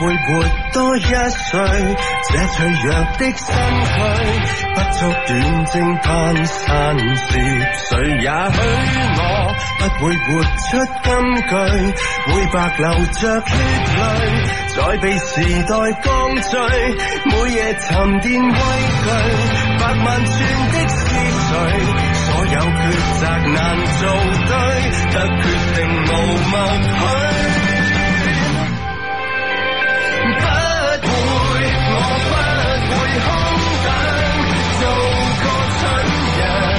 會活多一歲，這脆弱的身軀，不足短證攀山涉水，也許我不會活出金句，會白流着血淚，再被時代降罪，每夜沉澱畏懼，百萬串的思緒，所有抉擇難做對，得決定無默許。我不會空等，做個蠢人。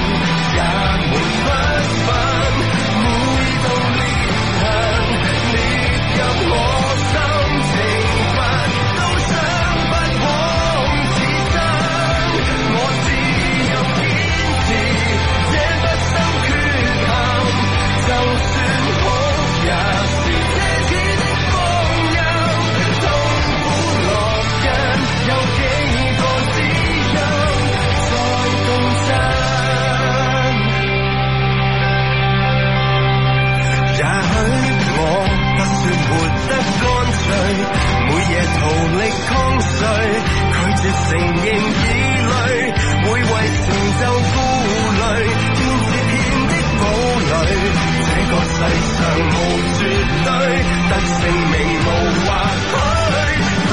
拒絕承認疑慮，會為成就顧慮，天與天的堡壘。這個世上無絕對，得性命無或許。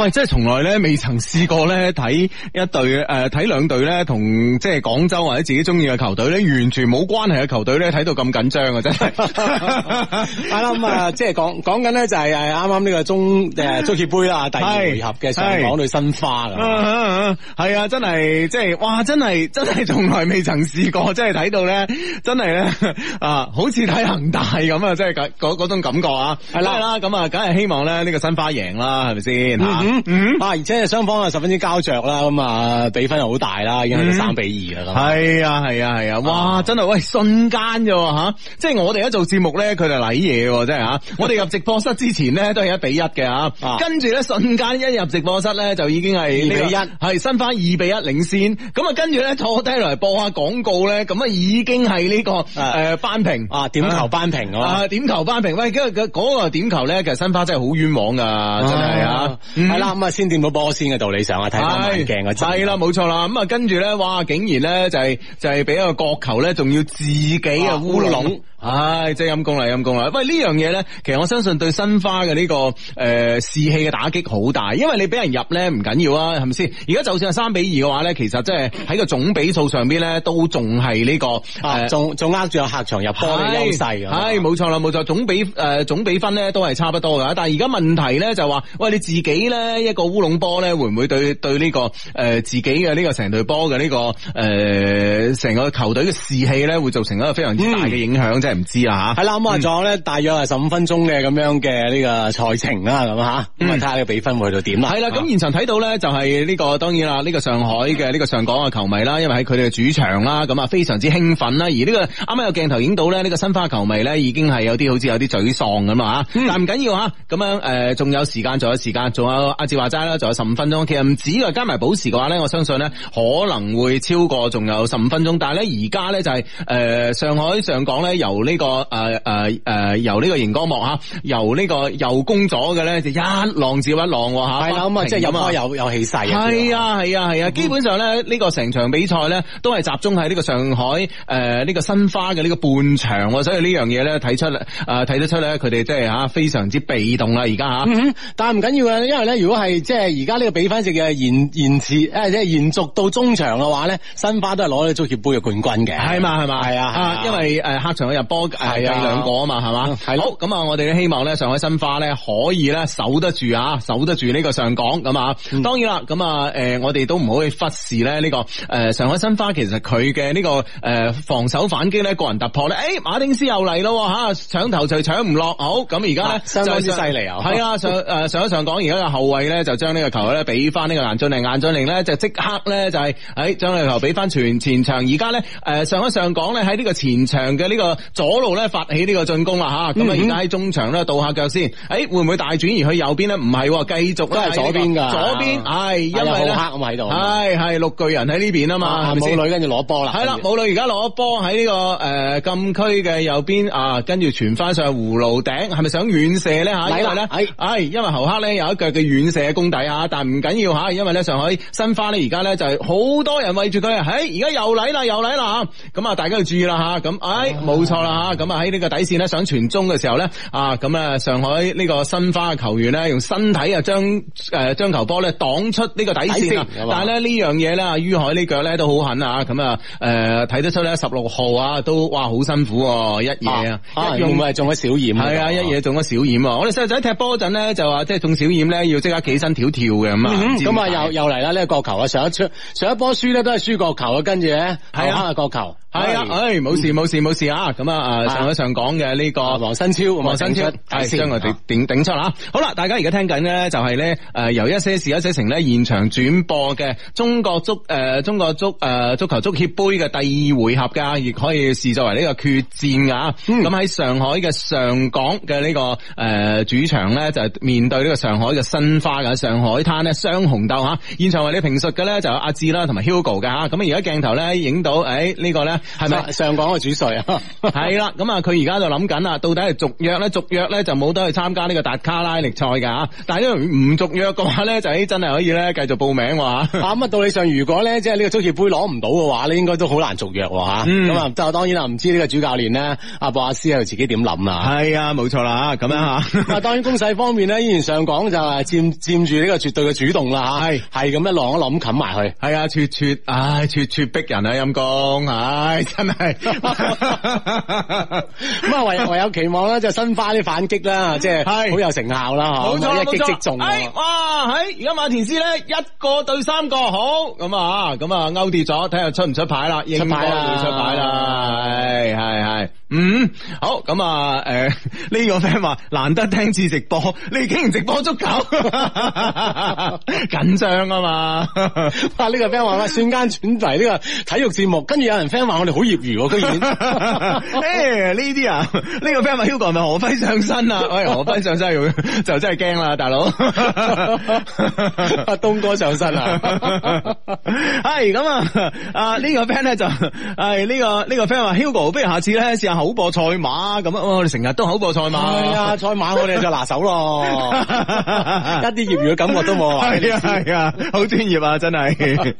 喂，即係從來咧未曾試過咧睇一隊誒睇兩隊咧同即係廣州或者自己中意嘅球隊咧完全冇關係嘅球隊咧睇到咁緊張啊真係。係啦咁啊， 嗯嗯、即係講講緊咧就係誒啱啱呢個中誒足協杯啊第二回合嘅上港對申花啊。係、嗯、啊、嗯嗯嗯嗯嗯，真係即係哇，真係真係從來未曾試過，真係睇到咧，真係咧啊，好似睇恒大咁啊，即係嗰嗰嗰種感覺啊。係、嗯、啦，咁啊，梗係希望咧呢個申花贏啦，係咪先？嗯嗯嗯嗯，啊，而且雙方啊十分之膠着啦，咁啊比分好大啦，已經係三比二啦，咁、嗯、係啊係啊係啊，哇真係喂瞬間咋吓，即係我哋一做節目咧，佢哋嚟嘢真係吓，我哋入直播室之前咧都係一比一嘅吓，跟住咧瞬間一入直播室咧就已經係二比一，係新花二比一領先，咁啊跟住咧坐低落嚟播下廣告咧，咁啊已經係呢、這個誒扳平啊、呃、點球扳平啊，啊點球扳平，喂，嗰、那個點球咧其實新花真係好冤枉噶，真係啊。啊啱啊，先掂到波先嘅道理上啊，睇翻慢鏡啊，係啦，冇錯啦。咁啊，跟住咧，哇，竟然咧就係、是、就係、是、俾一個角球咧，仲要自己烏啊烏龍，唉，即係陰功啦，陰功啦。喂，呢樣嘢咧，其實我相信對申花嘅呢、這個誒、呃、士氣嘅打擊好大，因為你俾人入咧唔緊要啊，係咪先？而家就算係三比二嘅話咧，其實即係喺個總比數上邊咧、這個，都仲係呢個啊仲仲呃住個客場入波嘅優勢。係，冇錯啦，冇錯，總比誒、呃、總比分咧都係差不多噶。但係而家問題咧就話、是，喂，你自己咧。一個烏龍波咧會唔會對對呢個誒、呃、自己嘅呢個成隊波嘅呢個誒成個球隊嘅士氣咧會造成一個非常之大嘅影響，嗯，真係唔知啊吓。係啦，咁、嗯、啊，仲有咧大約係十五分鐘嘅咁樣嘅呢個賽程啦，咁吓咁睇下個比分會到點啦。係啦，咁現場睇到咧就係呢個當然啦，呢個上海嘅呢個上港嘅球迷啦，因為喺佢哋嘅主場啦，咁啊非常之興奮啦。而呢個啱啱有鏡頭影到咧，呢個申花球迷咧已經係有啲好似有啲沮喪咁啊吓，但唔緊要吓，咁樣誒仲有時間，仲有時間，仲有。阿志話齋啦，仲有十五分鐘。其實唔止嘅，加埋保持嘅話咧，我相信咧可能會超過仲有十五分鐘。但係咧而家咧就係、是、誒、呃、上海上港咧由呢、這個誒誒誒由呢個熒光幕嚇、啊，由呢個右攻咗嘅咧就一浪接一浪嚇。係、啊、啦，咁啊即係有有有氣勢。係啊係啊係啊！基本上咧呢、這個成場比賽咧都係集中喺呢個上海誒呢、呃這個申花嘅呢個半場，所以呢樣嘢咧睇出誒睇得出咧佢哋即係嚇非常之被動啦而家嚇。但係唔緊要嘅，因為咧如果係即係而家呢個比分值嘅延延遲，誒即係延續到中場嘅話咧，申花都係攞咗足協盃嘅冠軍嘅，係嘛，係嘛係啊，因為誒客場入波係啊兩個啊嘛係嘛，係好咁啊，啊那我哋都希望咧上海申花咧可以咧守得住啊，守得住呢個上港咁啊，嗯、當然啦，咁啊誒我哋都唔可以忽視咧、這、呢個誒上海申花其實佢嘅呢個誒防守反擊咧個人突破咧，誒、欸、馬丁斯又嚟咯吓搶頭就搶唔落，好咁而家咧相當之犀利啊，係啊上誒上一上港而家有後衛。就將呢個球咧俾翻呢個顏駿凌。顏駿凌呢，就即刻咧就係喺將呢個球俾翻全前場。而家呢，誒、呃、上一上講咧喺呢個前場嘅呢個左路咧發起呢個進攻啦吓。咁啊而家喺中場呢，倒下腳先。誒、哎、會唔會大轉移去右邊呢？唔係、哦，繼續都係左邊噶。左邊係因為黑咁喺度。係係綠巨人喺呢邊啊嘛。母女跟住攞波啦。係啦，母女而家攞波喺呢個誒禁區嘅右邊啊，跟住傳翻上葫蘆頂，係咪想遠射呢？吓？因為呢係、哎哎啊啊這個呃啊啊、因為侯克呢，、哎哎、呢有一腳嘅遠，射嘅功底啊，但係唔緊要吓，因為咧上海申花咧而家咧就係好多人圍住佢，誒而家又嚟啦，又嚟啦，咁啊大家要注意啦吓，咁唉冇錯啦吓，咁啊喺呢個底線咧想傳中嘅時候咧啊，咁啊上海呢個申花嘅球員咧用身體啊將誒將球波咧擋出呢個底線，底線但係咧呢樣嘢咧，于海呢腳咧都好狠啊，咁啊誒睇得出咧十六號啊都哇好辛苦一夜啊，一用咪中咗小染，係啊一夜中咗小染，啊、我哋細仔踢波陣咧就話即係中小染咧要即刻。起身跳跳嘅咁啊，咁、嗯、啊又又嚟啦！呢、這個角球啊，上一出上一波輸咧都係輸角球啊，跟住咧，係啊角球。係、嗯、啊，誒，冇事冇事冇事啊，咁啊，誒，上海上港嘅呢個羅新超，羅新超係將我哋頂、啊、頂，頂出啦，好啦，大家而家聽緊咧就係咧誒由一些事一些情咧現場轉播嘅中國足誒、呃、中國足誒、呃、足球足協杯嘅第二回合噶，亦可以視作為呢個決戰的、嗯、啊，咁喺上海嘅上港嘅呢、這個誒、呃、主場咧就係、是、面對呢個上海嘅申花嘅上海灘咧雙紅豆吓、啊，現場為你評述嘅咧就阿志啦同埋 Hugo 噶吓，咁啊而家鏡頭咧影到誒、哎這個、呢個咧。係咪上港嘅主帥啊？ 係啦，咁啊佢而家就諗緊啊，到底係續約咧？續約咧就冇得去參加呢個達卡拉力賽噶吓。但係如果唔續約嘅話咧，就真係可以咧繼續報名喎。咁 啊，道理上如果咧即係呢個足協杯攞唔到嘅話咧，應該都好難續約吓。咁啊，嗯、就係當然啊，唔知呢個主教練呢，阿布阿斯啊自己點諗啊？係啊，冇錯啦咁樣吓。啊，當然攻勢方面呢，依然上港就係占占住呢個絕對嘅主動啦吓，係係咁一浪一浪冚埋去。係啊，咄咄唉咄咄逼人啊陰公吓。係真係，咁 啊， 唯唯有期望咧，就係、新花啲反擊啦，即係好有成效啦，嗬，一擊即，即，即中、哎。哇，喺而家馬田師咧一個對三個好，咁、嗯、啊，咁、嗯、啊，勾跌咗，睇下出唔出牌啦，應該會出牌啦，係係係。嗯，好咁啊，誒、欸、呢、這個 friend 話難得聽次直播，你竟然直播足球，緊 張啊嘛！哇、啊、呢、這個 friend 話，啦，瞬間轉為呢個體育節目，跟住有人 friend 話我哋好業餘，居然誒呢啲啊，呢、這個 friend 話 Hugo 係咪何輝上身啊？喂、哎，何輝上身就真係驚啦，大佬，阿、 啊、東哥上身啊！係 咁啊，啊呢、這個 friend 咧就係呢個呢、這個 friend 話 Hugo，不如下次咧試下。試試試口播賽馬咁啊、哦！我哋成日都口播賽馬，係啊！賽馬我哋就拿手咯， 一啲業餘嘅感覺都冇 啊！係啊，好專業啊，真係。係咁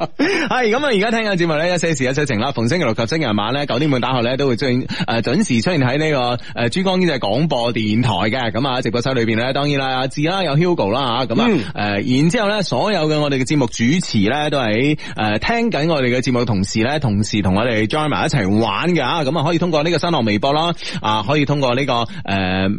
啊！而、嗯、家聽緊節目咧，一些事，一些情啦。逢星期六及星期日晚咧，九點半打後咧都會出，誒準時出現喺呢、這個誒、呃、珠江經濟廣播電台嘅。咁、嗯、啊，直播室裏邊咧，當然啦，阿志啦，有 Hugo 啦吓，咁啊，誒、嗯嗯嗯，然之後咧，所有嘅我哋嘅節目主持咧，都喺誒聽緊我哋嘅節目，同事咧，同時同我哋 join 埋一齊玩嘅咁啊、嗯，可以通過呢個新浪。微博啦，啊，可以通過呢個誒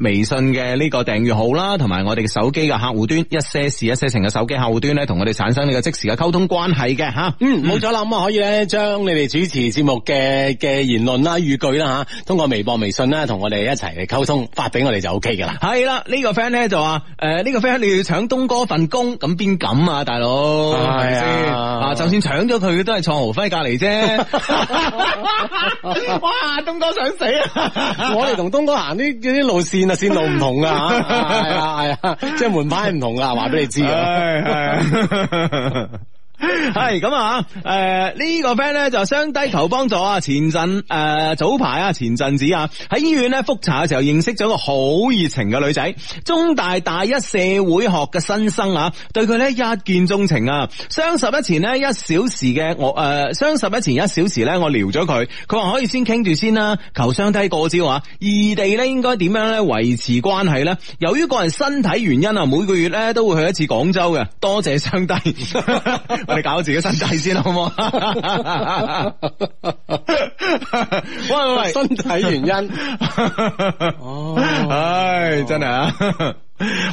微信嘅呢個訂閱號啦，同埋我哋嘅手機嘅客戶端，一些事一些情嘅手機客戶端咧，同我哋產生呢個即時嘅溝通關係嘅吓。嗯，冇錯啦，咁、嗯、啊可以咧將你哋主持節目嘅嘅言論啦語句啦吓，通過微博、微信啦，同我哋一齊嚟溝通，發俾我哋就 OK 噶啦。係啦，呢、這個 friend 咧就話誒呢個 friend 你要搶東哥份工，咁邊敢啊大佬？係啊，啊，啊就算搶咗佢都係創豪輝隔籬啫。 哇，東哥想死、啊！ 我哋同東哥行啲啲路線，路線路 啊，線路唔同噶吓，係啊係啊，啊，即係門牌係唔同噶話俾你知。 係咁啊！誒，呢、呃這個 friend 咧就雙低求幫助啊、呃！前陣誒早排啊，前陣子啊，喺醫院咧復查嘅時候認識咗個好熱情嘅女仔，中大大一社會學嘅新生啊，對佢咧一見鍾情啊！雙十一前呢一小時嘅我誒，雙十一前一小時咧我撩咗佢，佢、呃、話可以先傾住先啦，求雙低過招啊！異地咧應該點樣咧維持關係咧？由於個人身體原因啊，每個月咧都會去一次廣州嘅，多謝雙低。 你搞自己身體先，好唔好？ 喂喂，身體原因、 哦、唉，哦、真係啊！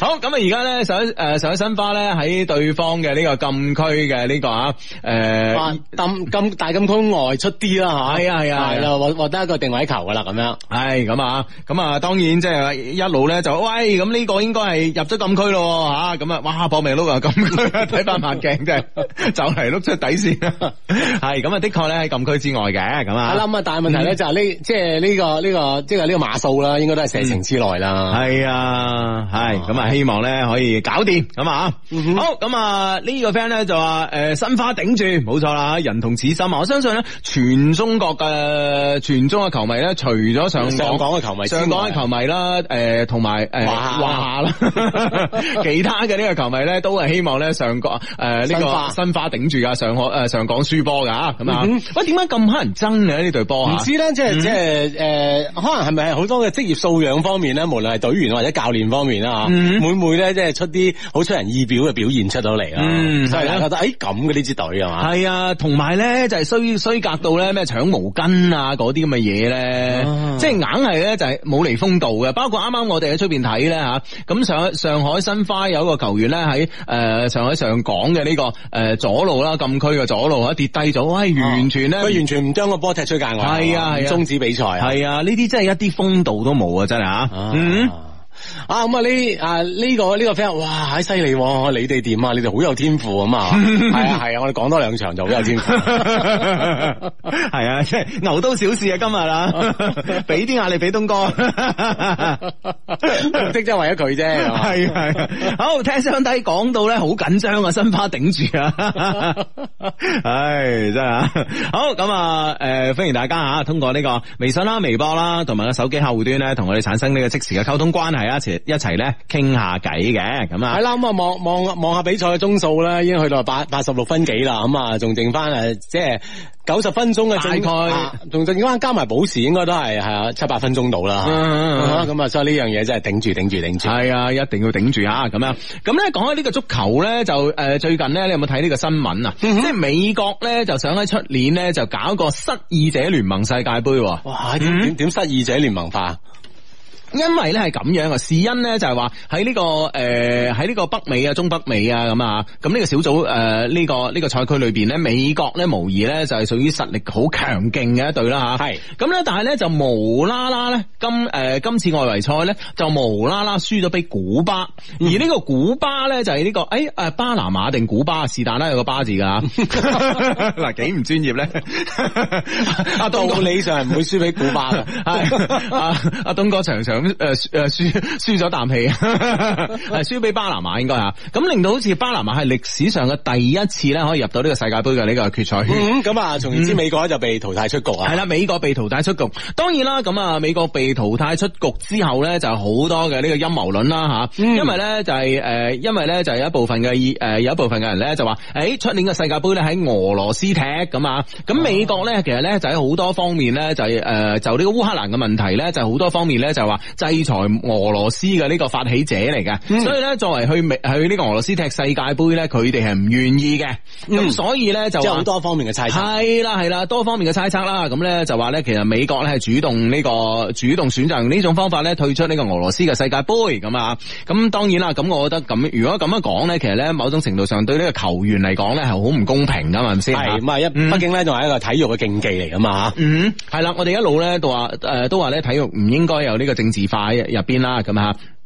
好咁啊！而家咧上誒上咗申花咧喺對方嘅呢個禁區嘅呢個啊誒禁禁大禁區外出啲啦，係啊係啊，係啦獲獲得一個定位球噶啦，咁樣係咁啊，咁啊當然即係一路咧就喂咁呢個應該係入咗禁區咯吓咁啊哇搏命碌啊禁區睇翻慢鏡即係就係碌出底線啦係咁啊的確咧喺禁區之外嘅咁啊咁啊但係問題咧就係呢即係呢個呢個即係呢個碼數啦，應該都係射程之內啦，係啊係。咁啊，希望咧可以搞掂咁啊！好咁啊，呢個 friend 咧就話誒，申、呃、花頂住，冇錯啦，人同此心啊！我相信咧，全中國嘅全中國嘅球迷咧，除咗上港嘅球迷，上、國上港嘅球迷啦，誒，同埋誒，華夏啦，呃、 其他嘅呢個球迷咧，都係希望咧上港誒，呢、呃這個申花頂住啊！上港誒，上港輸波噶吓咁啊！喂、嗯，點解咁乞人憎嘅呢隊波唔知咧即係即係誒，可能係咪好多嘅職業素養方面咧，無論係隊員或者教練方面啦吓。嗯、每每咧，即係出啲好出人意表嘅表現出到嚟啊！即、嗯、係覺得誒咁嘅呢支隊啊嘛？係、就、啊、係，同埋咧就係衰衰格到咧咩搶毛巾啊，嗰啲咁嘅嘢咧，即係硬係咧就係冇嚟風度嘅。包括啱啱我哋喺出邊睇咧吓，咁上上海申花有個個球員咧喺誒上海上港嘅呢、這個誒、呃、左路啦禁區嘅左路啊跌低咗，喂、哎、完全咧佢、啊、完全唔將個波踢出界外，係啊終止比賽啊！係啊，呢啲真係一啲風度都冇啊！真係啊，嗯。啊啊，咁啊呢啊呢個呢、呢個 friend，哇，喺犀利喎！你哋點啊？你哋好、啊、有天賦啊嘛，係 啊係啊，我哋講多兩場就好有天賦，係 啊，即係牛刀小試啊！今日啦、啊，俾啲壓力俾東哥， 即係為咗佢啫，係係、啊啊。好聽相低講到咧、啊啊 哎啊，好緊張啊，申花頂住啊，唉，真係好咁啊！誒，歡迎大家啊，通過呢個微信啦、啊、微博啦、啊，同埋個手機客戶端咧、啊，同我哋產生呢個即時嘅溝通關係、啊。一齊一齊咧傾下偈嘅咁啊，係啦，咁啊，望望望下比賽嘅鐘數呢，已經去到八八十六分幾啦，咁、嗯、啊，仲剩翻誒，即係九十分鐘嘅大概，仲、啊、剩翻加埋保時，應該都係係啊七八分鐘到啦，咁啊，啊，啊，所以呢樣嘢真係頂住頂住頂住，係啊，一定要頂住吓咁、嗯、樣。咁咧講開呢個足球咧，就誒、呃、最近咧，你有冇睇呢個新聞啊？嗯、即係美國咧就想喺出年咧就搞個失意者聯盟世界杯、啊。哇！點點點失意者聯盟化？因為咧係咁樣啊，事因是因咧就係話喺呢個誒喺呢個北美啊，中北美啊咁啊，咁呢、呢個小組誒呢、呃呢個呢、呢個賽區裏邊咧，美國咧無疑咧就係屬於實力好強勁嘅一隊啦吓。係咁咧，但係咧就無啦啦咧今誒、呃、今次外圍賽咧就無啦啦輸咗俾古巴，嗯、而呢個古巴咧就係呢、呢個誒誒、哎、巴拿馬定古巴？是但啦，有個巴字噶，嗱幾唔專業咧。阿 東、啊、理論上係唔會輸俾古巴嘅，係阿阿東哥常常。咁誒誒輸輸咗啖氣，係輸俾巴拿馬應該吓，咁令到好似巴拿馬係歷史上嘅第一次咧，可以入到呢個世界杯嘅呢個決賽圈。咁啊，從而之美國就被淘汰出局啊。係啦，美國被淘汰出局，當然啦，咁啊，美國被淘汰出局之後咧，就係好多嘅呢個陰謀論啦吓，因為咧就係誒，因為咧就有一部分嘅誒有一部分嘅人咧就話，誒出年嘅世界杯咧喺俄羅斯踢咁啊，咁美國咧其實咧就喺好多方面咧就誒就呢個烏克蘭嘅問題咧就係好多方面咧就話。制裁俄羅斯嘅呢個發起者嚟嘅。嗯，所以咧作為去美去呢個俄羅斯踢世界杯咧，佢哋係唔願意嘅。咁，嗯、所以咧就好多方面嘅猜測。係啦係啦，多方面嘅猜測啦，咁咧就話咧，其實美國咧係主動呢，這個主動選擇用呢種方法咧退出呢個俄羅斯嘅世界杯咁啊，咁當然啦，咁我覺得咁如果咁樣講咧，其實咧某種程度上對呢個球員嚟講咧係好唔公平噶，嘛。咪，嗯、先？係畢竟咧仲係一個體育嘅競技嚟噶嘛。嗯，係啦，我哋一路咧都話誒、呃，都話咧體育唔應該有呢個政治。字塊入邊啦，咁吓。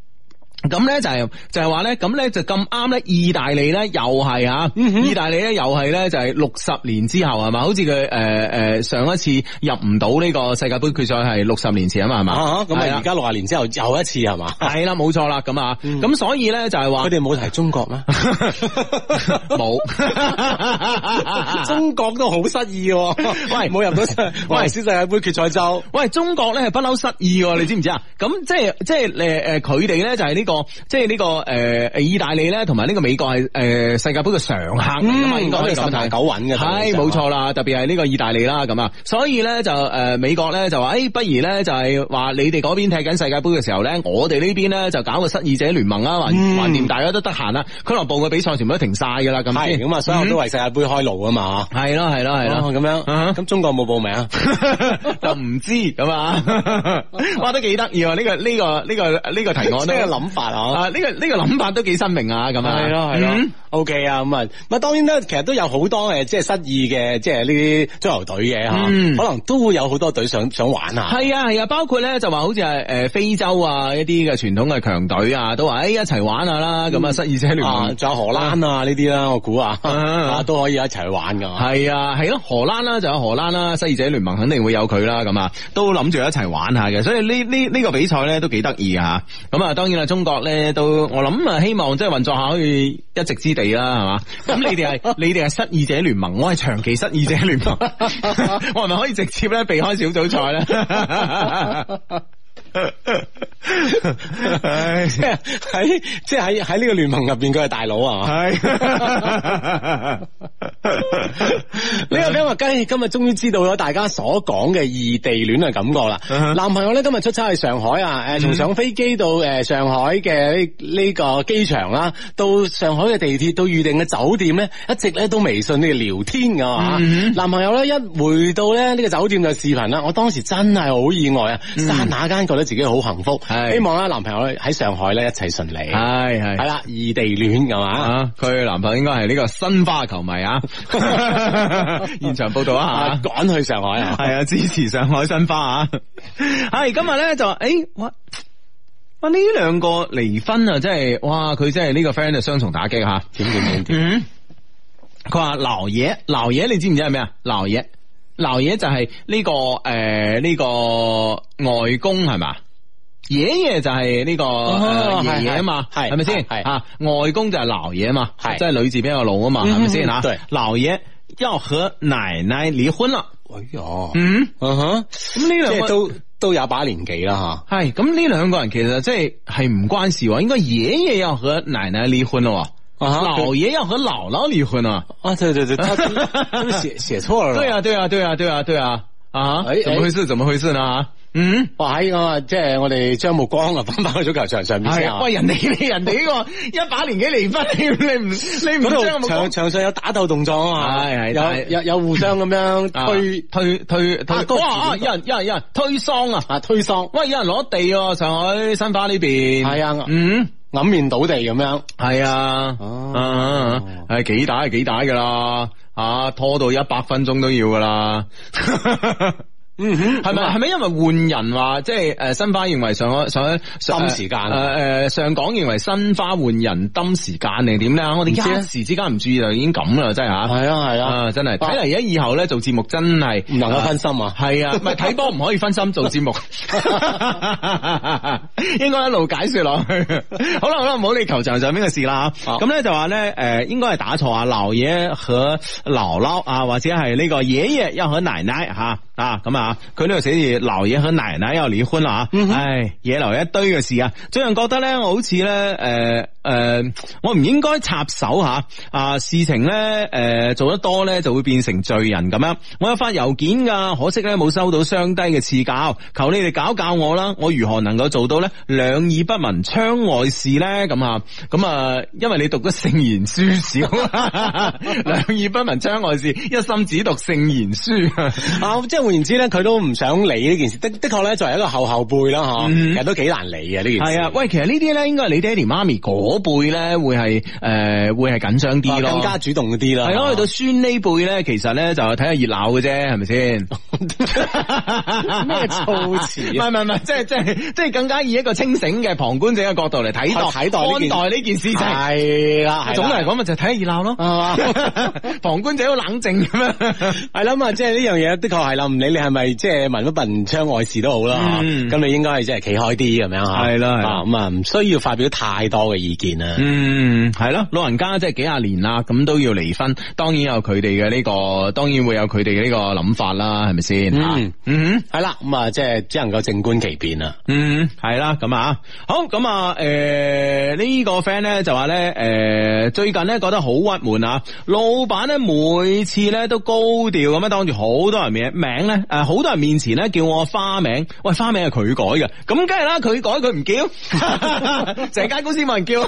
咁咧就係、是、就係話咧，咁咧就咁啱咧，意大利咧又係啊，意大利咧又係咧就係六十年之後係嘛，好似佢誒誒上一次入唔到呢個世界杯決賽係六十年前啊嘛係嘛，咁啊而家六十年之後又一次係嘛，係啦冇錯啦咁啊，咁、嗯、所以咧就係話佢哋冇提中國咩？冇 沒有， 中國都好失意，喂冇入到，喂小世界杯決賽就，喂中國咧係不嬲失意，你知唔知啊？咁即係即係誒誒佢哋咧就係、是、呢、就是呃呢個。哦、即係呢、呢個誒誒、呃、意大利咧，同埋呢個美國係誒、呃、世界杯嘅常客嚟噶嘛，嗯、應該都係十拿九穩嘅。係冇錯啦，特別係呢個意大利啦咁啊。所以咧就誒、呃、美國咧就話，誒、欸、不如咧就係、是、話你哋嗰邊踢緊世界杯嘅時候咧，我哋呢邊咧就搞個失意者聯盟啦，橫掂、嗯、大家都得閒啦，俱樂部嘅比賽全部都停晒噶啦咁。係咁啊，所以都為世界杯開路啊嘛。係咯係咯係咯，咁樣咁中國有冇報名啊？就唔知咁啊。哇，得幾得意啊！呢 知、 呢個呢、呢個呢、呢個呢、呢個提案呢個諗法。啊！呢、這個呢、這個諗法都幾新穎啊！咁啊，係咯係咯，O K 啊！咁、嗯、啊，啊、okay, 嗯、當然咧，其實都有好多誒，即係失意嘅，即係呢啲足球隊嘅吓，可能都會有好多隊想想玩下啊！係啊係啊，包括咧就話好似係誒非洲啊一啲嘅傳統嘅強隊啊，都話誒、哎、一齊玩一下啦！咁、嗯、啊，失意者聯盟仲、啊、有荷蘭啊呢啲啦，啊、我估啊，都可以一齊玩噶。係啊係咯、啊啊，荷蘭啦，仲有荷蘭啦，失意者聯盟肯定會有佢啦！咁啊，都諗住一齊玩一下嘅，所以呢呢呢個比賽咧都幾得意啊！咁啊，當然啦，中國。咧都我諗啊，希望即係運作下可以一席之地啦，係嘛？咁 你哋係，你哋係失意者聯盟，我係長期失意者聯盟， 我係咪可以直接咧避開小組賽咧？ 即係喺即係喺喺呢個聯盟入邊佢係大佬啊嘛！呢個白話雞今日終於知道咗大家所講嘅異地戀嘅感覺啦。Uh -huh. 男朋友咧今日出差去上海啊，誒、uh、從 -huh. 上飛機到誒上海嘅呢呢個機場啦，到上海嘅、uh -huh. 地鐵，到預訂嘅酒店咧，一直咧都微信呢度聊天噶嘛。Uh -huh. 男朋友咧一回到咧呢個酒店就視頻啦，我當時真係好意外啊！剎那間覺得。自己好幸福，希望咧男朋友喺上海咧一切順利，係係係啦，異地戀係嘛，佢、啊、男朋友應該係呢個申花球迷啊， 現場報道一下、啊，趕、啊、去上海啊，係啊支持上海申花啊，係 今日咧就話誒，我我呢兩個離婚啊，真係哇，佢真係呢個 friend 就雙重打擊吓、啊，點點點，嗯，佢話撈嘢、撈嘢，你知唔知咩啊，撈嘢？老爺就係呢、這個誒呢、呃這個外公係、這個哦呃、嘛，爺爺就係呢個爺爺啊嘛，係係咪先？係啊，外公就係老爺嘛，是即係女字邊個老啊嘛，係咪先？對老爺要和奶奶離婚啦！哎喲嗯，啊咁呢兩個都都一把年紀啦吓，係咁呢兩個人其實即、就是、係係唔關事，應該爺爺要和奶奶離婚啦。老爺要和姥姥離婚啊！啊，對對對，他 寫寫錯了。對啊，對啊，對啊，對啊，對啊，啊！哎，怎麼回事？哎、怎麼回事呢？哎、嗯，哇！喺個即係我哋將目光啊，擺返去足球場上面啊、哎！喂，人哋你人哋呢個一把年紀離婚，你唔你唔將目光場上有打鬥動作啊嘛！係、哎、係、哎、有有有互相咁樣推推推。哇！有人有人有人推搡啊！推搡、啊啊啊啊啊啊啊啊！喂，有人攞地、啊、上海申花呢邊。係啊，嗯。啊諗面倒地咁樣，係啊，啊，係、啊啊啊、幾打係幾打噶啦，吓、啊、拖到一百分鐘都要噶啦。 嗯哼，係咪係咪因為換人話即係誒申花認為上喺上喺時間誒誒上港、呃呃、認為申花換人抌時間定點咧？我點知一時之間唔注意就已經咁啦，真係吓。係啊係啊，啊，啊，真係睇嚟而家以後咧做節目真係唔能夠分心啊。係啊，唔係睇波唔可以分心做節目， 應該一路解說落去。好啦好啦，唔好理球場上邊嘅事啦。咁咧就話咧誒，應該係打錯啊，老爺和姥姥啊，或者係呢個爺爺又和奶奶吓。啊啊，咁啊，佢呢度寫住老爺和奶奶要離婚啦吓、啊嗯，唉，惹留一堆嘅事啊，總人覺得咧，我好似咧，誒、呃。誒、呃，我唔應該插手吓，啊事情咧，誒、呃、做得多咧就會變成罪人咁樣。我有發郵件噶、啊，可惜咧冇收到雙低嘅賜教，求你哋搞教，教我啦，我如何能夠做到咧兩耳不聞窗外事咧？咁啊，咁啊，因為你讀咗聖賢書少， 兩耳不聞窗外事，一心只讀聖賢書啊，即係換言之咧，佢都唔想理呢件事。的的確咧，作為一個後後輩啦、嗯，其實都幾難理嘅呢、啊、件事。係啊，喂，其實呢啲咧應該係你爹哋媽咪講。嗰輩咧會係誒、呃、會係緊張啲咯，更加主動啲啦。係咯、啊啊，去到孫呢輩咧，其實咧就睇下熱鬧嘅啫，係咪先？咩措辭？唔係唔係，即係即係即係更加以一個清醒嘅旁觀者嘅角度嚟睇待睇待呢件事情係啦。總嚟講咪就睇下熱鬧咯。 啊、 旁觀者好冷靜咁樣係啦嘛，即係呢樣嘢的確係啦。唔理你係咪即係聞一聞窗外事都好啦，咁、嗯、你應該係即係企開啲咁樣係啦，咁啊唔、啊啊啊啊啊啊、需要發表太多嘅意見。嗯，係咯，老人家即係幾廿年啦，咁都要離婚，當然有佢哋嘅呢個，當然會有佢哋嘅呢個諗法啦，係咪先？嗯，嗯，係啦，咁啊，即係只能夠靜觀其變啊。嗯，係啦，咁啊，好，咁啊，誒、呃，呢、這個 friend 咧就話咧，誒、呃，最近咧覺得好鬱悶啊，老闆咧每次咧都高調咁樣當住好多人面名咧，誒，好、呃、多人面前咧叫我花名，喂，花名係佢改嘅，咁梗係啦，佢改佢唔叫，成 間公司冇人叫。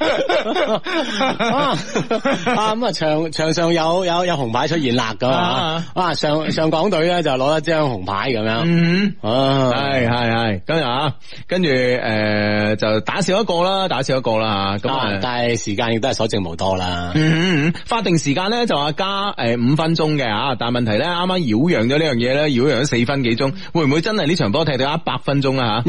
咁 啊，啊，啊，啊，啊場場上有有有紅牌出現啦咁啊，啊，啊上上港隊咧就攞一張紅牌咁樣，係係係，跟住啊，跟住誒就打少一個啦，打少一個啦咁啊但係時間亦都係所剩無多啦。嗯，嗯，嗯法定時間咧就話加誒、呃、五分鐘嘅啊，但係問題咧啱啱擾攘咗呢樣嘢咧，擾攘咗四分幾鐘，會唔會真係呢場波踢到一百分鐘啊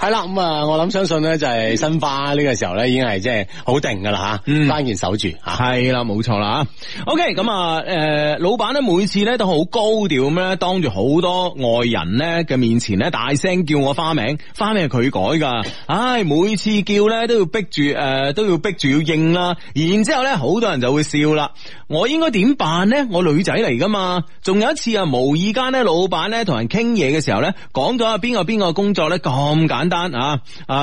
吓？係 啦、啊，咁啊，啊我諗相信咧就係申花呢個時候咧已經係。即係好定噶啦吓，嗯，翻完守住吓，係、啊、啦，冇錯啦。OK，咁啊，誒、呃，老闆咧每次咧都好高調咁咧，當住好多外人咧嘅面前咧大聲叫我花名，花名係佢改噶，唉、哎，每次叫咧都要逼住誒、呃，都要逼住要應啦，然之後咧好多人就會笑啦。我應該點辦咧？我女仔嚟噶嘛？仲有一次啊，無意間咧，老闆咧同人傾嘢嘅時候咧，講咗啊邊個邊個工作咧咁簡單啊，唉、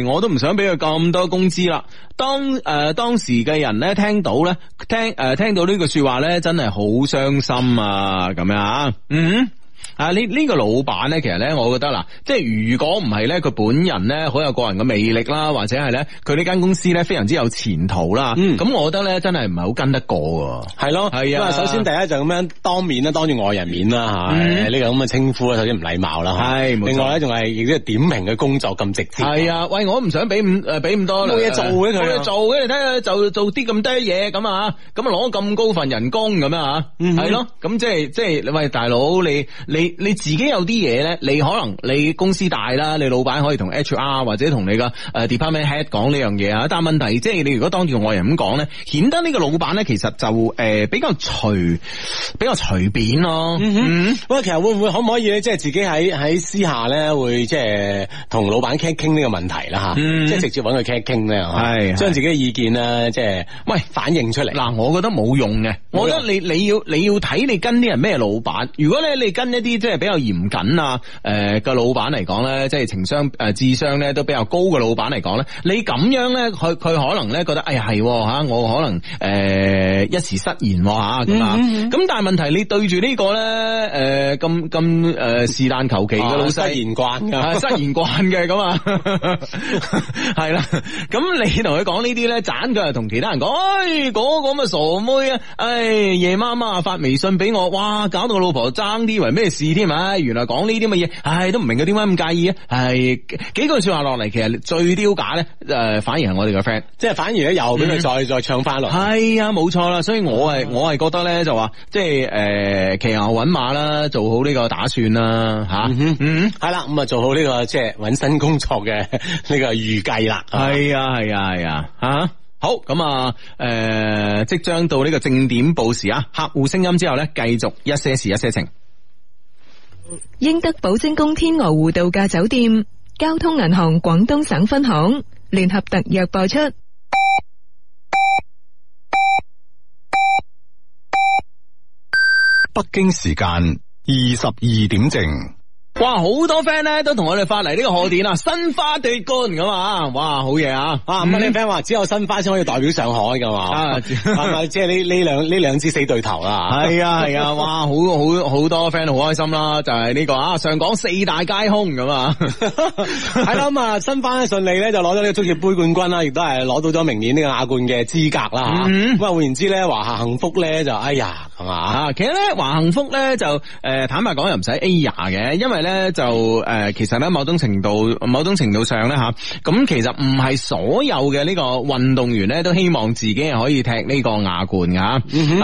哎，我都唔想俾佢咁多工資啦。當誒、呃、當時嘅人咧、呃，聽到咧，聽誒聽到呢句說話咧，真係好傷心啊！咁樣啊，嗯。呢、啊、呢、呢個老闆咧，其實咧，我覺得嗱，即係如果唔係咧，佢本人咧，好有個人嘅魅力啦，或者係咧，佢呢間公司咧，非常之有前途啦。咁、嗯、我覺得咧，真係唔係好跟得過噶。係咯，係啊。首先第一就咁樣當面咧，當住外人面啦吓，呢、嗯呢個咁嘅稱呼咧，首先唔禮貌啦。係、哎，另外咧，仲係亦都係點評嘅工作咁直接。係啊，喂，我唔想俾誒俾咁多，嘢做嘅佢做嘅，你睇下就，就做啲咁低嘢咁啊，咁啊攞咁高份人工咁樣啊，係、嗯、咯，咁即係即係喂大佬你你。你你自己有啲嘢咧，你可能你公司大啦，你老闆可以同 HR 或者同你個誒 department head 講呢樣嘢啊。但問題即係你如果當住外人咁講咧，顯得呢個老闆咧，其實就誒比較隨比較隨便咯。喂、嗯嗯，其實會唔會、會可唔可以咧，即係自己喺喺私下咧會即係同老闆傾傾呢個問題啦吓、嗯，即係直接揾佢傾傾咧，係將自己嘅意見咧即係喂反映出嚟。嗱，我覺得冇用嘅。我覺得你你要你要睇你跟啲人咩老闆。如果咧你跟一啲即係比較嚴謹啊，誒嘅老闆嚟講咧，即係情商誒智商咧都比較高嘅老闆嚟講咧，你咁樣咧，佢佢可能咧覺得誒係吓，我可能誒、呃、一時失言吓咁咁，但係問題你對住呢、這個咧誒咁咁誒是但求其，嘅、呃呃、老細失言慣嘅失言慣嘅咁啊，係 啦，咁 你同佢講呢啲咧，盞佢又同其他人講，誒、哎、嗰、那個乜傻妹啊，誒、哎、夜媽媽發微信俾我，哇搞到個老婆爭啲為咩事？事添原來講呢啲乜嘢。唉，都唔明佢點解咁介意啊！係幾句說話落嚟，其實最丟架咧，誒、呃，反而係我哋個 friend，即係反而咧，又俾佢再再唱翻落。係啊，冇錯啦，所以我係我係覺得咧，就話即係誒，騎牛搵馬啦，做好呢個打算啦，吓、啊，嗯嗯，係、嗯、啦，咁啊，就做好呢、這個即係搵新工作嘅呢個預計啦。係啊係啊係啊，吓、啊啊啊啊，好咁啊，誒、呃，即將到呢個正點報時啊，客戶聲音之後咧，繼續一些事一些情。英德寶晶宮天鵝湖度假酒店，交通銀行廣東省分行聯合特約播出。北京時間二十二點正。哇，好多 friend 咧都同我哋發嚟呢個賀電啊！申花奪冠咁啊，哇，好嘢啊！咁啲 friend 話只有申花先可以代表上海嘅嘛，係、嗯、咪？即係呢呢兩呢兩支死對頭啦、啊，係 啊係啊，哇，好好好多 friend 好開心啦、啊！就係、是、呢、這個啊，上港四大皆空咁 啊，係啦咁啊，申花順利咧就攞咗呢個足協杯冠軍啦，亦都係攞到咗明年呢個亞冠嘅資格啦。咁、嗯、啊，換言之咧，華夏幸福咧就哎呀～啊，其實咧，華幸福咧就誒，坦白講又唔使 A 呀嘅，因為咧就誒、呃，其實咧某種程度某種程度上咧吓，咁、啊、其實唔係所有嘅呢個運動員咧都希望自己係可以踢呢個亞冠噶，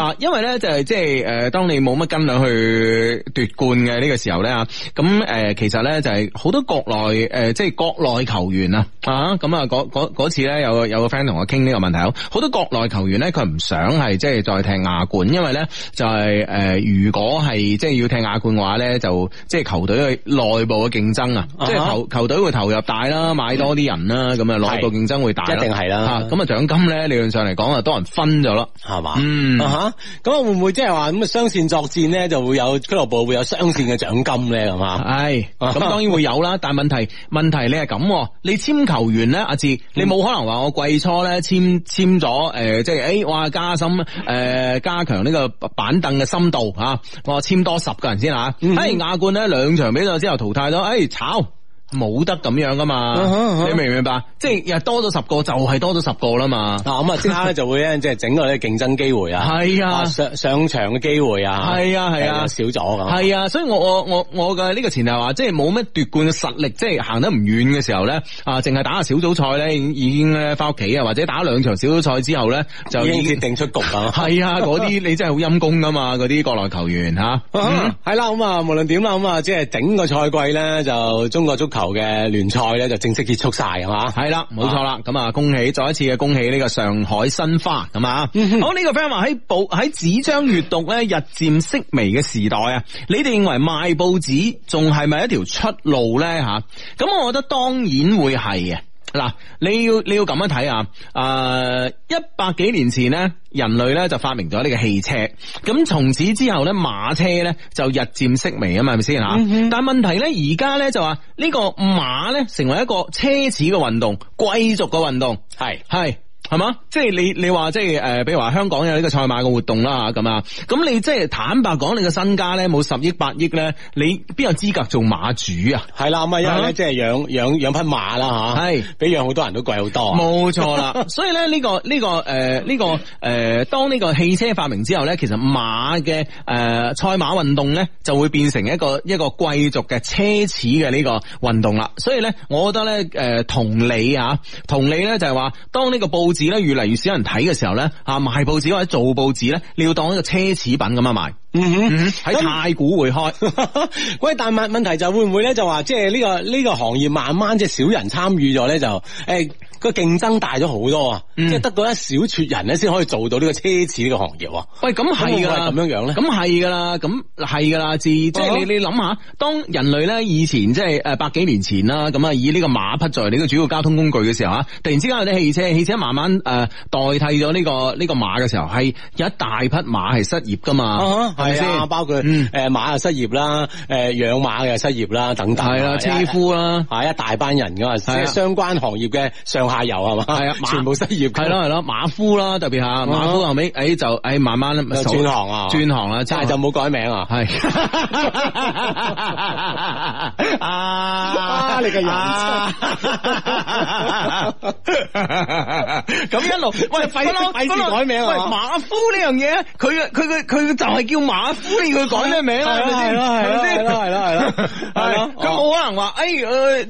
啊，因為咧就係即係誒，當你冇乜斤兩去奪冠嘅呢個時候咧吓，咁、啊、誒、呃，其實咧就係、是、好多國內誒，即、呃、係、就是、國內球員啊，咁啊，嗰嗰嗰次咧有有個 friend 同我傾呢個問題，好多國內球員咧佢唔想係即係再踢亞冠，因為咧。就係、是、誒、呃，如果係即係要踢亞冠嘅話咧，就即、是、係、就是、球隊嘅內部嘅競爭啊，即、uh、係 -huh. 球球隊會投入大啦，買多啲人啦，咁啊內部競爭會大，一定係啦。咁啊獎金咧，理論上嚟講啊，多人分咗咯，係嘛，嗯吓，咁、uh -huh. 會唔會即係話咁啊雙線作戰咧，就會有俱樂部會有雙線嘅獎金咧，係嘛？係，咁當然會有啦。但問題問題問題你係咁，你簽球員咧，阿、啊、志，你冇可能話我季初咧簽簽咗誒，即係誒，哇加薪誒、呃、加強呢、這個。板凳嘅深度吓、啊，我簽多十個人先吓、嗯。哎，亞冠咧兩場比賽之後淘汰咗，誒、哎、炒。冇得咁樣噶嘛、啊，你明唔明白、嗯？即係又多咗十個，就係、是、多咗十個啦嘛。嗱咁啊，即刻就會咧，即係整個呢競爭機會啊，係啊，上上場嘅機會啊，係啊係啊，少咗咁，係啊，所以我我我我嘅呢個前提話，即係冇乜奪冠嘅實力，即係行得唔遠嘅時候咧，啊，淨係打下小組賽咧，已經咧翻屋企啊，或者打兩場小組賽之後咧，就已經決定出局啊。係 啊，嗰啲你真係好陰功噶嘛，嗰啲國內球員吓。係啦，咁啊，無論點啦，咁啊，即係整個賽季咧，就中國足球。球嘅聯賽咧就正式結束晒係嘛？係啦冇錯啦，咁啊恭喜，再一次嘅恭喜呢個上海申花咁啊，嗯，好呢個 friend 話喺報喺紙張閱讀咧日漸式微嘅時代啊，你哋認為賣報紙仲係咪一條出路咧吓？咁我覺得當然會係啊。嗱，你要你要咁樣睇啊，誒、呃，一百幾年前呢，人類呢就發明咗呢個汽車，咁從此之後呢，馬車呢就日漸式微啊嘛，係咪先吓？但係問題呢，而家呢就話呢個馬呢成為一個奢侈嘅運動，貴族嘅運動，係係。係嘛？即係你你話即係誒，比如話香港有呢個賽馬嘅活動啦咁啊。咁你即係坦白講，你嘅身家咧冇十億、八億咧，你邊有資格做馬主啊？係啦，咁啊，因為咧即係養養養匹馬啦吓，係比養好多人都貴好多。冇錯啦。所以咧、呢、呢個呢、呢個誒呢、呃呢個誒、呃呃，當呢個汽車發明之後咧，其實馬嘅誒賽馬運動咧就會變成一個一個貴族嘅奢侈嘅呢個運動啦。所以咧，我覺得咧誒、呃、同理啊，同理咧就係話當呢個報。紙咧越嚟越少人睇嘅時候咧，啊賣報紙或者做報紙咧，你要當一個奢侈品咁樣賣。嗯哼，喺、嗯、太古匯開。喂、嗯， 但係問題就會唔會咧、這個？就話即係呢個呢個行業慢慢即係少人參與咗咧？就誒。欸個競爭大咗好多啊、嗯！即係得到一小撮人咧，先可以做到呢個奢侈呢個行業。喂，咁係噶啦，咁樣樣咧？咁係噶啦，咁係噶啦。自即係、啊、你你諗下，當人類咧以前即係誒百幾年前啦，咁啊以呢個馬匹作為你個主要交通工具嘅時候啊，突然之間有啲汽車，汽車慢慢誒、呃、代替咗呢、這個呢、這個馬嘅時候，係有一大批馬係失業噶嘛？係、啊、咪先？包括誒馬啊失業啦，誒、嗯、養馬嘅失業啦，等等。係啦，車夫啦、啊，係一大班人噶嘛，相關行業嘅上。下游係嘛，係啊，全部失業，係咯係咯，馬夫啦，特別吓馬，馬，馬夫後尾，誒、哎、就誒、哎、慢慢轉行啊，轉行啦、啊，但係就冇改名啊，係、 啊，啊你嘅人、啊，咁一路喂費事改名啊，馬夫呢樣嘢，佢佢佢就係叫馬夫，你叫佢改咩名啦，係咪先，係咪先，係咯係咯係佢冇可能話誒，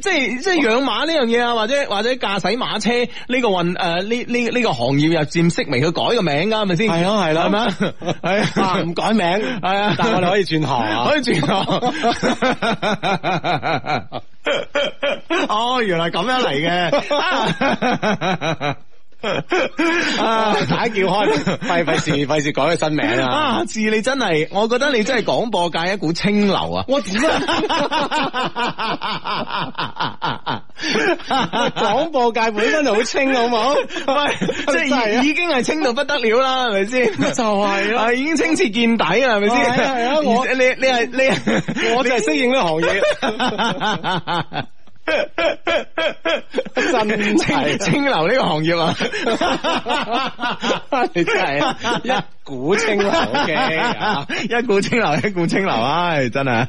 即係即係養馬呢樣嘢啊，或者或者駕駛馬。是打車呢、這個運誒，呢呢呢個行業又漸式微，佢改個名㗎係咪先？係咯係咯，係咪？係啊，唔、啊 啊、改名係啊，但係我哋可以轉行、啊，可以轉行。 哦，原來咁樣嚟嘅。 啊！大叫開，費費事費事改個新名啊！字、啊、你真係，我覺得你真係廣播界一股清流啊！我廣、 啊啊啊啊啊、 播界本身就好清，好冇？唔係，即係已經係清到不得了啦，係咪先？ 就係啊，已經清澈見底啦，係咪先？係啊，啊，我你你，你， 你你係你，我就係適應呢行嘢。真係清流呢個行業啊！ 你真係一股清流嘅！k、okay? 一股清流，一股清流，唉、 哎，真係，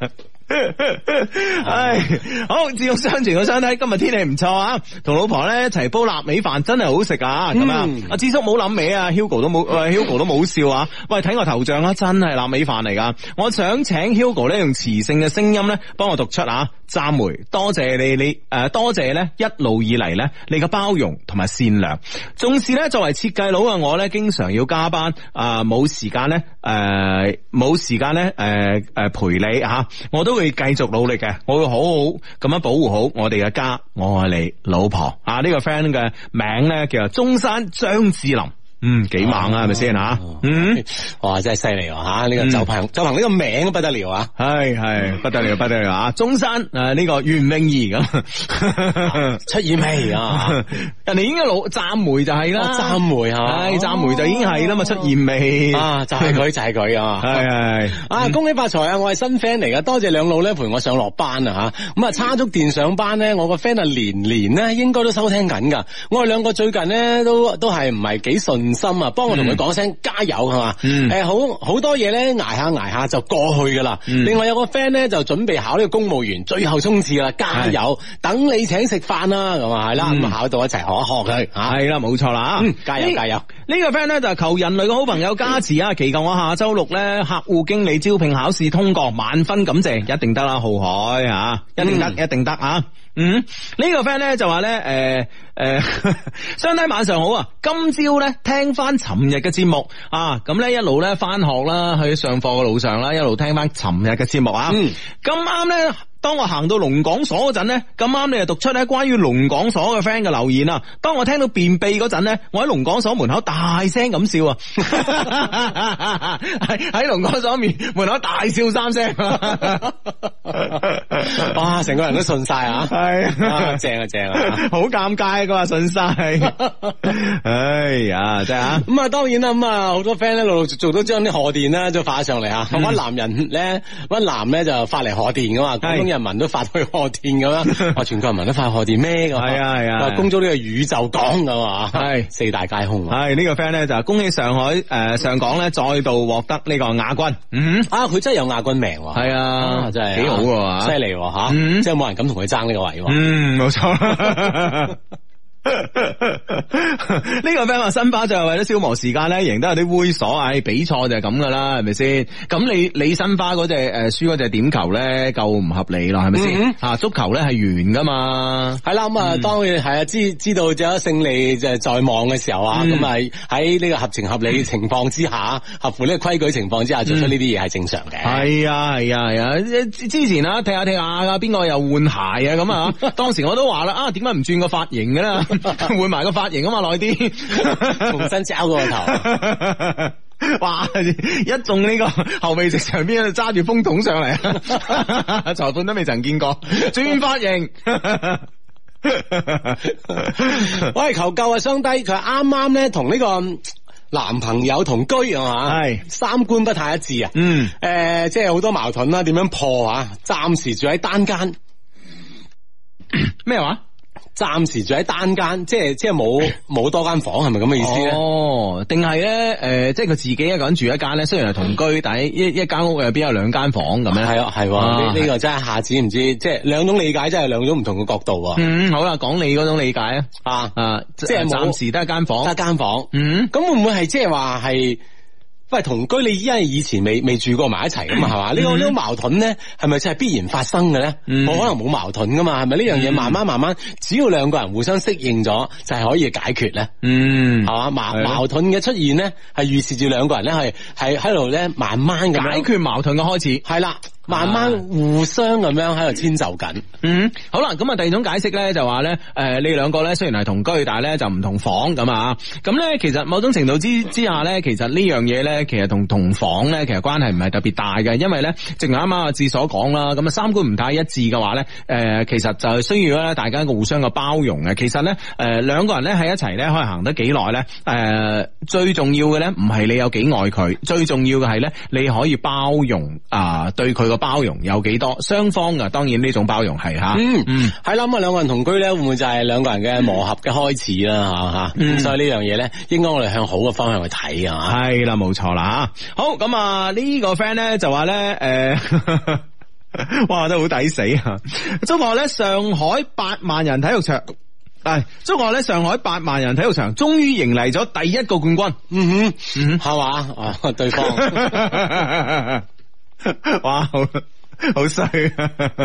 唉，好，智欲相傳嘅相睇，今日天氣唔錯啊，同老婆咧一齊煲臘味飯，真係好食啊！咁啊，阿智叔冇諗歪啊，Hugo 都冇，喂，Hugo 都冇、呃、笑啊，喂，睇我頭像啊，真係臘味飯嚟噶，我想請 Hugo 咧用磁性嘅聲音咧幫我讀出啊。讚美，多謝你，你，誒，多謝咧，一路以嚟咧，你嘅包容同埋善良，縱使咧，作為設計佬嘅我咧，經常要加班，啊、呃，冇時間咧，誒、呃，冇時間咧，誒、呃，誒、呃，陪你吓，我都會繼續努力嘅，我會好好咁樣保護好我哋嘅家，我愛你，老婆啊，呢、這個 friend 嘅名咧叫做中山張智霖。嗯，幾猛啊，係咪先啊？嗯、啊啊啊，哇，真係犀利啊！吓，呢個就憑、啊，就憑呢個名都不得了啊！係係不得了，不得了、 這個、啊！中山啊，呢個袁詠儀咁出現味啊！人哋已經老贊梅就係啦，贊梅係贊梅就已經係啦嘛，出現味啊！就係佢，就係佢，係、啊、係啊，啊，啊，啊，啊，啊！恭喜發財啊！我係新 friend 嚟噶，多謝兩老咧陪，陪我上落班啊！吓咁啊，叉足電上班咧，我個 friend 啊，年年咧應該都收聽緊噶。我哋兩個最近咧都都係唔係幾順。心啊，幫我同佢講聲加油，係嘛？誒、嗯，好好多嘢咧，挨下挨下就過去噶啦，嗯。另外有個 friend 咧就準備考呢個公務員，最後衝刺啦，加油！等你請食飯啦，咁啊係啦，咁、嗯、考到一齊學一學佢，係啦，冇錯啦，加油加油！呢、呢個 friend 咧就係求人類嘅好朋友加持啊，祈求我下周六咧客戶經理招聘考試通過，萬分，感謝，一定得啦，浩海吓、啊嗯，一定得，一定得啊！嗯，呢、這個 friend 咧就話咧，誒、欸、誒，相、欸、生晚上好啊！今朝咧聽翻尋日嘅節目啊，咁咧一路咧翻學啦，去上課嘅路上啦，一路聽翻尋日嘅節目啊。咁啱咧，當我行到龍港所嗰陣咧，咁啱你又讀出咧關於龍港所嘅 friend 嘅留言啊！當我聽到便秘嗰陣咧，我喺龍港所門口大聲咁笑啊，喺喺龍港所面門，門口大笑三聲。 哇！成個人都信晒啊，係正啊正啊，好、啊、尷尬啊！話信晒， 哎呀，真係啊！咁、嗯、啊，當然啦，咁、嗯嗯那個、啊，好多 friend 咧，陸陸續續都將啲賀電咧，就發上嚟啊！咁啊，南人咧，溫南咧就發嚟賀電噶嘛，廣東人民都發去賀電咁啊，啊，全國人民都發賀電咩咁？係啊係啊，啊，公咗呢個宇宙港噶嘛，係、啊、四大皆空啊！係呢、啊這個 friend 咧就恭喜上海誒、呃、上港咧再度獲得呢個亞軍、嗯，啊，佢真係有亞軍名，係啊，啊，真係幾好噶犀利。啊吓、啊嗯，即係冇人敢同佢爭呢個位。嗯，冇錯。 呢 個 friend 話申花就係為咗消磨時間咧，贏得有啲猥瑣啊！比賽就係咁噶啦，係咪先？咁你你申花嗰隻誒輸嗰隻點球咧，夠唔合理咯？係咪先？啊，足球咧係圓噶嘛？係、嗯、啦，咁、嗯、啊，當然係啊，知知道有勝利就係在望嘅時候啊，咁啊喺呢個合情合理情況之下，合乎呢個規矩情況之下，嗯、做出呢啲嘢係正常嘅。係啊，係啊，係啊，啊！之前啊，踢下、啊、踢下、啊，邊個又換鞋啊？咁啊， 當時我都話啦，啊，點解唔轉個髮型嘅咧？換 埋個髮型啊嘛，耐啲，重新紮過個頭。 哇，一仲呢、這個後尾直上邊度揸住風筒上嚟， 裁判都未曾見過，轉髮型。 喂，求救啊，雙低，佢啱啱咧同呢個男朋友同居啊嘛，係三觀不太一致啊，嗯，誒、呃，即係好多矛盾啦，點樣破啊？暫時住喺單間。咩話？ 暫時住喺單間，即係即係冇冇多間房，係咪咁嘅意思咧？哦，定係咧？誒、呃，即係佢自己一個人住一間咧。雖然係同居，嗯、但係一一間屋入邊有兩間房咁樣。係啊係呢、啊啊啊呢個真係下次唔知道，即係兩種,種,、啊嗯啊、種理解，真係兩種唔同嘅角度。嗯，好啦，講你嗰種理解啊，啊，即係暫時得一間房，得一間房。嗯，咁會唔會係即係話係？喂，同居你依家，以前未未住過埋一齊噶嘛，係嘛？呢個呢個矛盾咧，係咪就係必然發生嘅咧？冇、嗯、可能冇矛盾噶嘛？係咪呢樣嘢慢慢慢慢，只要兩個人互相適應咗，就係、是、可以解決咧。嗯，係嘛？矛矛盾嘅出現咧，係預示住兩個人咧係係喺度咧慢慢咁解決矛盾嘅開始。係啦。慢慢互相咁樣喺度遷就緊、嗯。嗯，好啦，咁啊，第二種解釋咧就話、是、咧，誒你兩個咧雖然係同居，但係咧就唔同房咁啊。咁咧其實某種程度之之下咧，其實呢樣嘢咧，其實同同房咧，其實關係唔係特別大嘅，因為咧，正如啱啱阿志所講啦，咁啊三觀唔太一致嘅話咧，誒、呃、其實就係需要咧大家互相嘅包容嘅。其實咧，誒、呃、兩個人咧喺一齊咧可以行得幾耐咧？誒最重要嘅咧唔係你有幾愛佢，最重要嘅係咧你可以包容啊、呃，對佢個。包容有幾多？雙方啊，當然呢種包容係吓。嗯嗯，係啦。咁啊，兩個人同居咧，會唔會就係兩個人嘅磨合嘅開始啦？吓吓。嗯。是是，所以呢樣嘢咧，應該我哋向好嘅方向去睇啊。係、嗯、啦，冇錯啦。好，咁啊，呢個 friend 咧就話咧，誒， 哇，真係好抵死吓。中國咧，上海八萬人體育場，係。中國咧，上海八萬人體育場終於迎嚟咗第一個冠軍。嗯哼，吓、嗯、啊，對方。 哇，好好犀啊！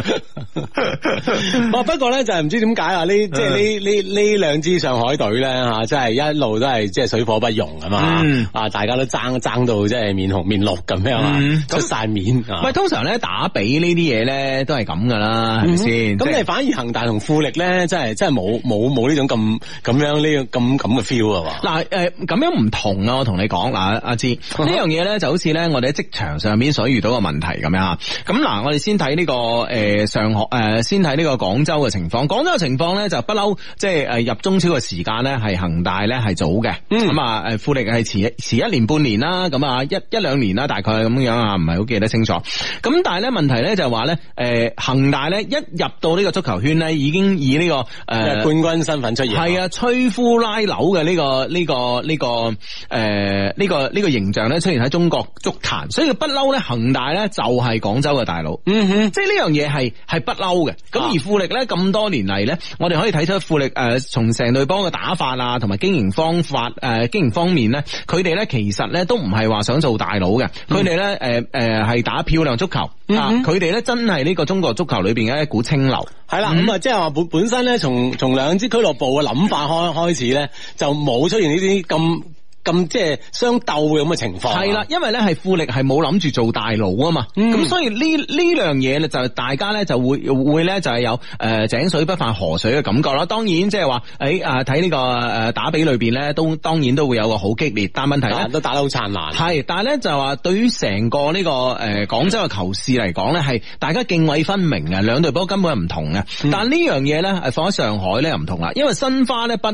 我 不過咧就係唔知點解啊？呢即係呢呢呢兩支上海隊咧吓，真係一路都係即係水火不容啊嘛！啊，大家都爭爭到即係面紅面綠咁樣啊，出晒面啊！喂、嗯，通常咧打比呢啲嘢咧都係咁噶啦，係咪先？咁你反而恒大同富力咧，真係真係冇冇冇呢種咁咁樣呢個咁咁嘅 feel 啊？嗱誒，咁樣唔同啊！我同你講嗱，阿芝呢樣嘢咧就好似咧我哋喺職場上面所遇到嘅問題咁樣咁嗱。我哋先睇呢、這個誒、呃、上學誒、呃，先睇呢個廣州嘅情況。廣州嘅情況咧就不嬲，即係誒入中超嘅時間咧係恒大咧係早嘅。咁啊誒富力係遲一遲一年半年啦，咁啊一一兩年啦，大概係咁樣啊，唔係好記得清楚。咁但係咧問題咧就係話咧誒恒大咧一入到呢個足球圈咧，已經以呢、這個誒、呃、冠軍身份出現，係啊吹呼拉扭嘅呢個呢、這個呢、這個誒呢、呃這個呢、這個這個形象咧出現喺中國足壇，所以佢不嬲咧恒大咧就係廣州嘅大佬。嗯哼，即係呢樣嘢係係不嬲嘅，咁而富力咧咁多年嚟咧，我哋可以睇出富力誒，從成隊幫嘅打法啊，同埋經營方法誒、呃，經營方面咧，佢哋咧其實咧都唔係話想做大佬嘅，佢哋咧誒誒係打漂亮足球，佢哋咧真係呢個中國足球裏邊嘅一股清流。係啦，咁、嗯、啊、嗯、即係話本本身咧，從從兩支俱樂部嘅諗法開開始咧，就冇出現呢啲咁。咁即係相鬥嘅咁嘅情況，係啦，因為咧係富力係冇諗住做大佬啊嘛，咁、嗯、所以呢呢樣嘢咧就大家咧就會會咧就係有誒、呃、井水不犯河水嘅感覺啦。當然即係話誒啊睇呢個誒打比裏邊咧，都當然都會有個好激烈，但問題咧都打，打得好燦爛。係，但係咧就話對於成個呢、這個誒廣州嘅球市嚟講咧，係大家涇渭分明嘅，兩隊波根本係唔同嘅、嗯。但呢樣嘢咧，係放喺上海咧又唔同啦，因為申花咧不誒、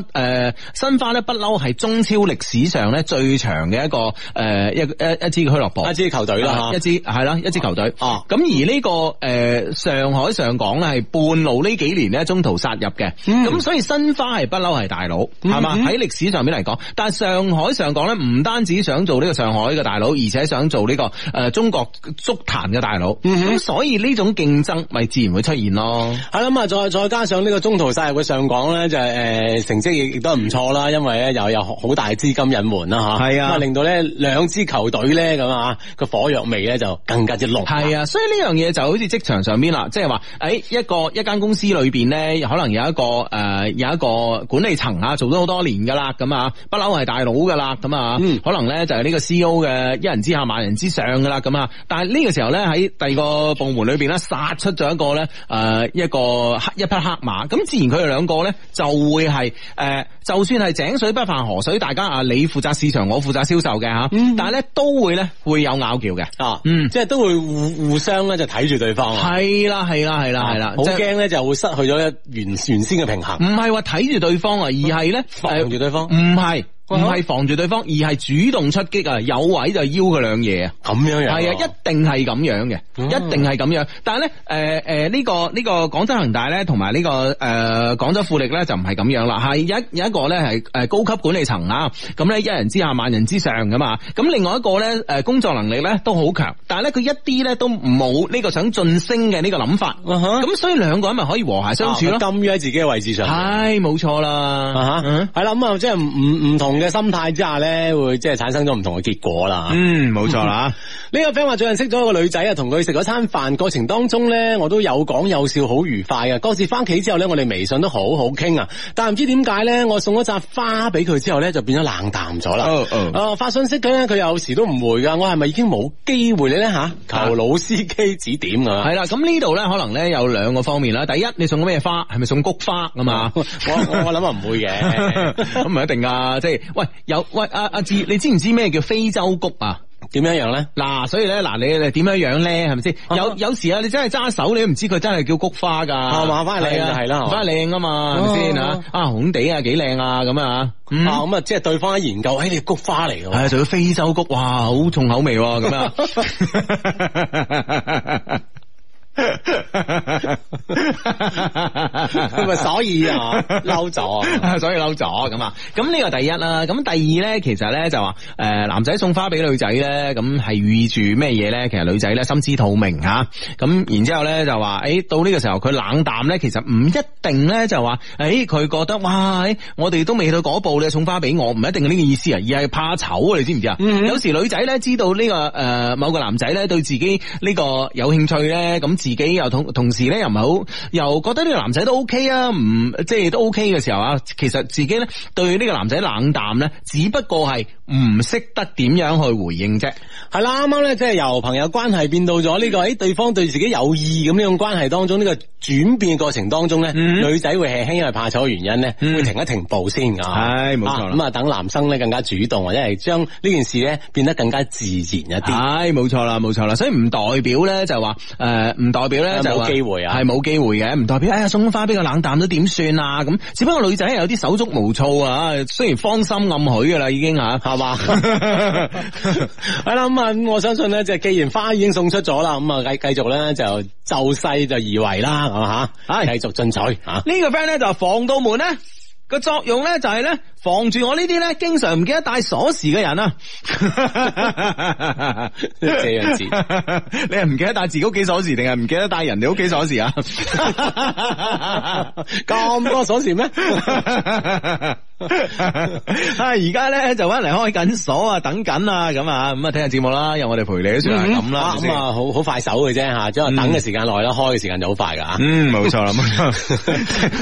申、呃、花咧不嬲係中超歷史上。上咧最長嘅一個誒、呃、一一一支俱樂部一支球隊啦、啊，一支係啦一支球隊。哦、啊，咁、啊、而呢、這個誒、呃、上海上港呢，係半路呢幾年呢中途殺入嘅，咁、嗯、所以申花係不嬲係大佬係嘛？喺、嗯、歷史上面嚟講，但係上海上港呢，唔單止想做呢個上海嘅大佬，而且想做呢、這個誒、呃、中國足壇嘅大佬。咁、嗯、所以呢種競爭咪自然會出現咯。係啦，咁再再加上呢個中途殺入嘅上港呢，就係誒、呃、成績亦都唔錯啦、嗯。因為又有好大資金引。門啦吓，係啊，令到咧兩支球隊咧咁啊，個火藥味咧就更加之濃。係啊，所以呢樣嘢就好似職場上邊啦，即係話，誒一個一間公司裏邊咧，可能有一個誒、呃、有一個管理層啊，做咗好多年噶啦，咁啊不嬲係大佬噶啦，咁啊、嗯，可能咧就係呢個 C.O. 嘅一人之下萬人之上噶啦，咁啊，但係呢個時候咧喺第二個部門裏邊咧殺出咗一個咧誒、呃、一個黑一匹黑馬，咁自然佢哋兩個咧就會係誒、呃、就算係井水不犯河水，大家啊理負責市場，我負責銷售嘅，吓、嗯，但係咧都會咧會有拗撬嘅，啊，嗯，即係都會互互相咧就睇住對方，係啦係啦係啦係啦，好驚咧就會失去咗原原先嘅平衡，唔係話睇住對方，啊，而係咧防住對方，唔係。唔係防住對方，而係主動出擊啊！有位就邀佢兩嘢啊！咁樣樣係啊，一定係咁樣嘅，嗯，一定係咁樣。但係咧，誒、呃、誒、呢、這個呢、這個廣州恒大咧、這個，同埋呢個誒廣州富力咧，就唔係咁樣啦。係有一有一個咧係誒高級管理層啦，咁咧一人之下萬人之上噶嘛。咁另外一個咧誒工作能力咧都好強，但係咧佢一啲咧都冇呢個想晉升嘅呢個諗法。咁、啊、所以兩個人咪可以和諧相處咯。甘於喺自己嘅位置上，係冇錯啦。吓、啊、係、嗯、啦，咁啊，即係唔唔同嘅心態之下咧，會即係產生咗唔同嘅結果啦。嗯，冇錯啦。呢、嗯呢個 friend 話最近識咗個女仔啊，同佢食咗餐飯，過程當中咧，我都有講有笑，好愉快啊。嗰時翻屋企之後咧，我哋微信都好好傾啊。但係唔知點解咧，我送咗扎花俾佢之後咧，就變咗冷淡咗啦。哦、oh，哦、oh。呃，發信息嘅咧，佢有時都唔回噶。我係咪已經冇機會你咧吓？求老司機指點噶、啊。係、啊、啦，咁呢度咧可能咧有兩個方面啦。第一，你送咗咩花？係咪送菊花啊嘛、嗯？ 我我諗唔會嘅，咁 唔一定噶、啊，即係。喂，有喂阿阿志，你知唔知咩叫非洲菊啊？點樣樣咧？嗱、啊，所以咧，嗱、啊、你你點樣樣咧？係咪先？有有時啊，你真係揸手，你都唔知佢真係叫菊花噶，麻煩你啊，係啦，翻靚啊，啊，啊嘛，係咪先啊？啊紅地啊，幾靚啊，咁啊，啊、嗯、咁啊，即係對方喺研究，哎、你菊花嚟嘅，係、啊，仲要非洲菊，哇，好重口味咁啊！ 咁 所以啊，嬲 咗氣了 所以嬲咗咁啊。咁呢個第一啦。咁第二咧，其實咧就話誒，男仔送花俾女仔咧，咁係預住咩嘢咧？其實女仔咧心知肚明吓。咁然之後咧就話，誒、欸，到呢個時候佢冷淡咧，其實唔一定咧，就話誒，佢覺得哇，我哋都未到嗰步，呢，送花俾我，唔一定係呢個意思啊，而係怕醜啊，你知唔知啊？Mm -hmm. 有時女仔咧知道呢、這個誒、呃，某個男仔咧對自己呢個有興趣咧，咁。自己又同，同時咧又唔係好，又覺得呢個男仔都 O K 啊，唔即係都 O K 嘅時候啊，其實自己咧對呢個男仔冷淡咧，只不過係。唔識得點樣去回應啫，係啦。啱啱咧即係由朋友關係變到咗呢個喺對方對自己有意咁樣關係當中呢、這個轉變過程當中咧、嗯，女仔會係輕因為怕醜嘅原因咧、嗯，會停一停步先、嗯、錯啊，係冇錯，咁啊等男生咧更加主動或者係將呢件事咧變得更加自然一啲，係冇錯啦，冇錯啦，所以唔代表咧就話誒唔代表咧就冇機會啊，係冇機會嘅，唔代表哎呀送花比較冷淡都點算啊咁，只不過女仔有啲手足無措啊，雖然芳心暗許噶啦已經吓。話係啦，咁、嗯、啊，咁我相信咧，即係既然花已經送出咗啦，咁、嗯、啊繼繼續咧就就勢就而為啦，係嘛吓，繼續進取吓。呢個 friend 咧就係防盜門咧個作用咧就係咧防住我呢啲咧，經常唔記得帶鎖匙嘅人啊！哈哈哈！哈哈哈！咁樣子， 你係唔記得帶自己屋企鎖匙，定係唔記得帶人哋屋企鎖匙， 鎖匙 鎖嗯嗯啊？哈哈哈！哈哈哈！咁多鎖匙咩？哈哈哈！哈啊，而家咧就返嚟開緊鎖啊，嗯、等緊啊，咁啊，咁啊，聽下節目啦，有我哋陪你都算係咁啦。咁啊，好好快手嘅啫吓，即係等嘅時間耐啦，開嘅時間就好快噶。嗯、啊嗯，冇錯啦，冇錯。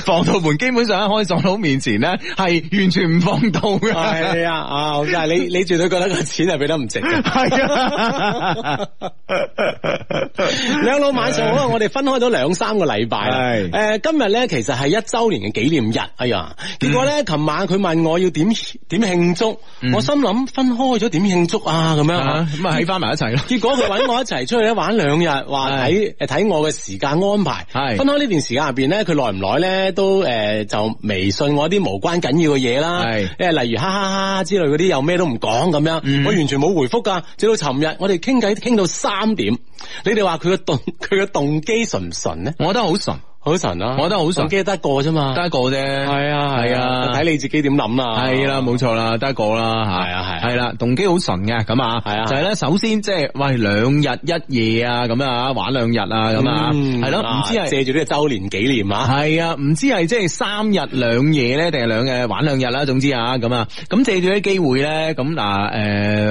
防盜門基本上喺開鎖佬面前咧，係完全。唔放動係啊啊！就係你，你絕對覺得個錢係俾得唔值 兩老闆。係 啊，兩老晚上能我哋分開咗兩三個禮拜啦。誒，今日咧其實係一周年嘅紀念日。哎呀，結果咧琴、嗯、晚佢問我要點點慶祝，嗯、我心諗分開咗點慶祝啊？咁樣咁啊喺翻埋一齊咯。結果佢搵我一齊出去咧玩兩日，話睇誒睇我嘅時間安排係分開呢段時間入邊咧，佢耐唔耐咧都誒、呃、就微信我啲無關緊要嘅嘢啦。係，誒，例如哈哈哈之類嗰啲，又咩都唔講咁樣，我完全冇回復噶，直到尋日，我哋傾偈傾到三點，你哋話佢嘅動佢嘅動機純唔純咧？我覺得好純。好神啊！我覺得好神，機得一個啫嘛，得一個啫，係啊，係啊，睇你自己點諗啊，係啦，冇錯啦，得一個啦，係啊，係，係啦，動機好神嘅，咁啊，係啊，就係咧，首先即係喂兩日一夜啊，咁啊，玩兩日啊，咁啊，係咯，唔知係借住呢個周年紀念啊，係啊，唔知係即係三日兩夜咧，定係兩日玩兩日啦，總之啊，咁啊，咁借住啲機會咧，咁嗱，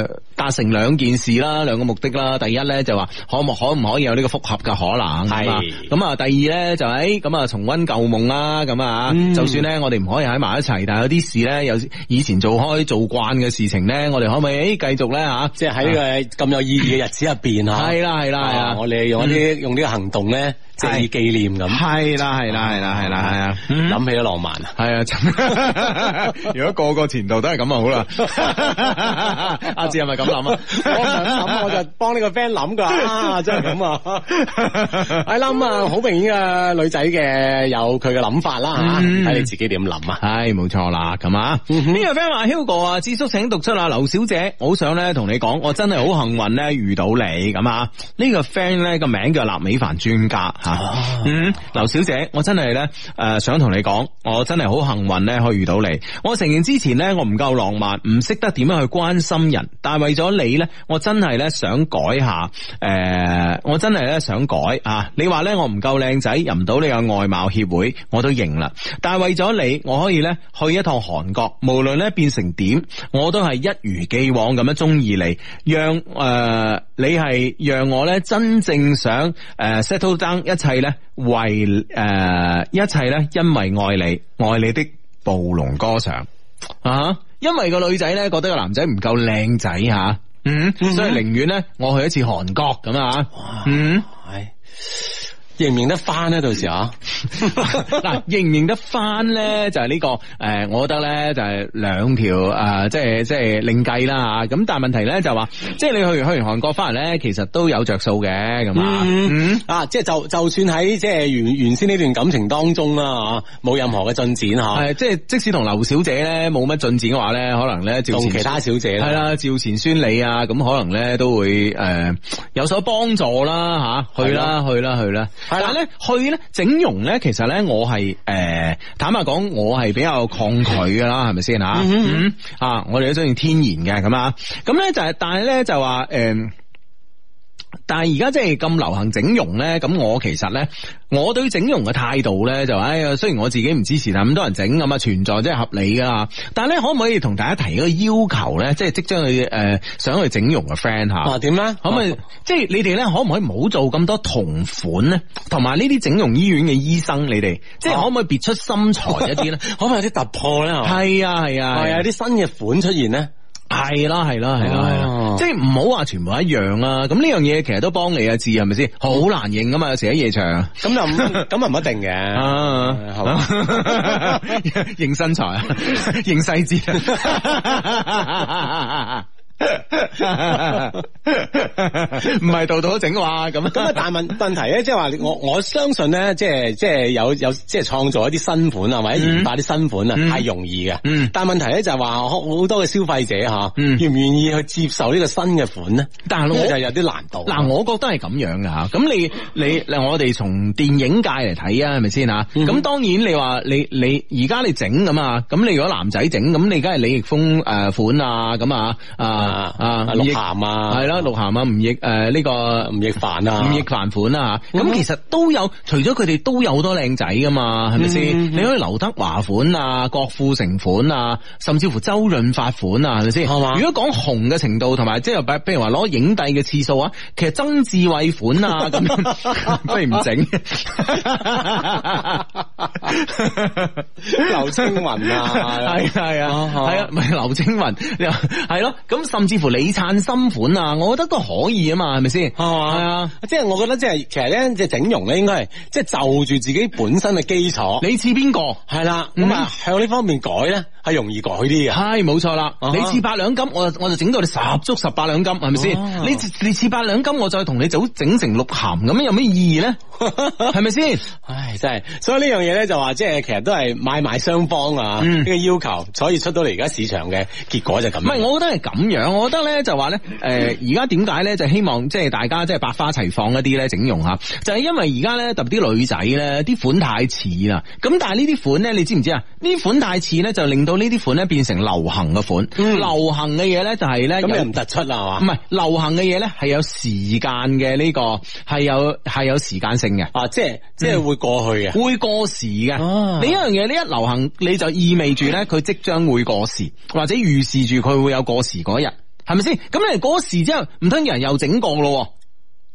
誒。達成兩件事啦，兩個目的啦。第一咧就話、是、可唔可唔可以有呢個複合嘅可能？係嘛。咁啊，第二咧就係咁啊重溫舊夢啦。咁、嗯、啊，就算咧我哋唔可以喺埋一齊，但係有啲事咧有以前做開做慣嘅事情咧，我哋可唔可以繼續咧吓？即係喺呢個咁有意義嘅日子入邊吓。係啦，係啦，係啊，我哋用一啲、嗯、用呢個行動咧。即係以紀念咁，係啦係啦係啦係啦係啊！諗起都浪漫啊！係啊！ 如果個個前度都係咁啊，好 啦！阿志係咪咁諗啊？我諗我就幫呢個 friend 諗噶，真係咁啊！係啦，啊，好 明顯啊，女仔嘅有佢嘅諗法啦吓，睇你自己點諗，哎嗯，這個、啊！係冇錯啦，咁啊！呢個 friend 話 Hugo 啊，智叔請讀出啊，劉小姐，我好想咧同你講，我真係好幸運咧遇到你咁啊！呢，這個 friend 咧個名叫納美凡專家。嗯、啊，劉小姐，我真係咧誒，想同你講，我真係好幸運咧，可以遇到你。我承認之前咧，我唔夠浪漫，唔識得點樣去關心人。但係為咗你咧，我真係咧想改下，誒、呃，我真係咧想改啊！你話咧我唔夠靚仔，入唔到你個外貌協會，我都認啦。但係為咗你，我可以咧去一趟韓國，無論咧變成點，我都係一如既往咁樣鍾意你，讓誒、呃、你係讓我咧真正想誒 settle down 一。一切咧為誒、呃，一切咧因為愛你，愛你的暴龍歌唱啊！Uh-huh. 因為個女仔咧覺得個男仔唔夠靚仔吓，嗯、mm-hmm.，所以寧願咧我去一次韓國咁啊，嗯係。 認唔認得翻咧？到時啊，嗱， 認唔認得翻咧？就係、是、呢、這個誒，我覺得咧就係兩條誒，即係即係另計啦吓。咁但係問題咧就話、是、即、就、係、是、你去完去完韓國翻嚟咧，其實都有着數嘅咁啊。啊，即係就是、就，就算喺即係原原先呢段感情當中啦冇、啊、任何嘅進展吓。係即係即使同劉小姐咧冇乜進展嘅話咧，可能咧，同其他小姐係、啊呃、啦，趙錢孫李啊，咁可能咧都會誒有所幫助啦吓，去啦去啦去啦。去啦但係咧去咧整容咧，其實咧我係誒，坦白講我係比較抗拒噶啦，係咪先吓？嗯，啊，我哋都中意天然嘅咁啊。咁咧就係，但係咧就話誒。呃但係而家即係咁流行整容咧，咁我其實咧，我對整容嘅態度咧就，哎呀，雖然我自己唔支持但咁多人整咁啊存在即係合理噶啦。但係咧，可唔可以同大家提一個要求咧？即係即將去誒、呃、想去整容嘅 friend 吓、啊。點咧？可唔可以、啊、即係你哋咧？可唔可以冇做咁多同款咧？同埋呢啲整容醫院嘅醫生，你哋、啊、即係可唔可以別出心裁一啲咧？ 可唔可以有啲突破咧？係啊係啊，係啊啲、啊啊啊啊啊、新嘅款出現咧。係啦，係啦，係啦，係啦，即係唔好話全部一樣啊。咁呢樣嘢其實都幫你啊，治係咪先？好難認噶嘛，有時喺夜場，咁 就咁唔一定嘅。 啊、好 認身材， 認細細節節。 唔係度度都整話，咁咁啊！ 但問問問題咧，即係話我我相信咧，即係即係有有即係創造一啲新款啊，或者研發啲新款啊，係、嗯、容易嘅。嗯，但問問題咧，就係話好多嘅消費者吓，願唔願意去接受呢個新嘅款呢、嗯、但係我就有啲難度。嗱、嗯，我覺得係咁樣㗎。吓。咁你你我哋從電影界嚟睇啊，係咪先吓？咁、嗯、當然你話你你而家你整咁啊？咁你，你如果男仔整咁，你而家係李易峰誒、呃、款啊？咁啊啊！嗯啊，阿鹿晗啊，係咯，鹿晗啊，吳亦誒呢個吳亦凡啊，吳亦凡款啊，咁其實都有，啊、除咗佢哋都有好多靚仔噶嘛，係咪先？你可以劉德華款啊，郭富城款啊，甚至乎周潤發款啊，係咪先？如果講紅嘅程度同埋即係，話，比如話攞影帝嘅次數啊，其實曾志偉款啊咁， 這樣 不如唔不整。劉 青雲文啊，係啊係啊，係啊，唔係劉青雲，係咯咁。甚至乎你撐新款啊，我覺得都可以啊嘛，係咪先？係啊，啊，啊，即係我覺得即係其實咧，即係整容咧，應該係即係就住、是、自己本身嘅基礎。你似邊個？係啦、啊，咁啊、嗯、向呢方面改咧，係容易改啲嘅。係冇錯啦，錯 uh -huh. 你似八兩金，我就我就整到你十足十八兩金，係咪先？你你似八兩金，我再同你整整成六咸咁，有咩意義咧？係咪先？ 唉，真係，所以呢樣嘢咧就話即係其實都係買賣雙方啊呢個要求，所以出到嚟而家市場嘅結果就咁。唔係，我覺得係咁樣。我覺得咧就話咧，誒，而家點解咧就希望即係大家即係百花齊放一啲咧整容吓，就係、是、因為而家咧特別啲女仔咧啲款太似啦，咁但係呢啲款咧你知唔知啊？呢款太似咧就令到呢啲款咧變成流行嘅款，、嗯，流行嘅嘢，咧就係咧咁又唔突出啦嘛，唔係流行嘅嘢咧係有時間嘅呢個係有係有時間性嘅啊，即係、嗯、即係會過去嘅，會過時嘅、啊。你一樣嘢呢一流行，你就意味住咧佢即將會過時，或者預示住佢會有過時嗰日。係咪先？咁你嗰時之後，唔通人又整過咯？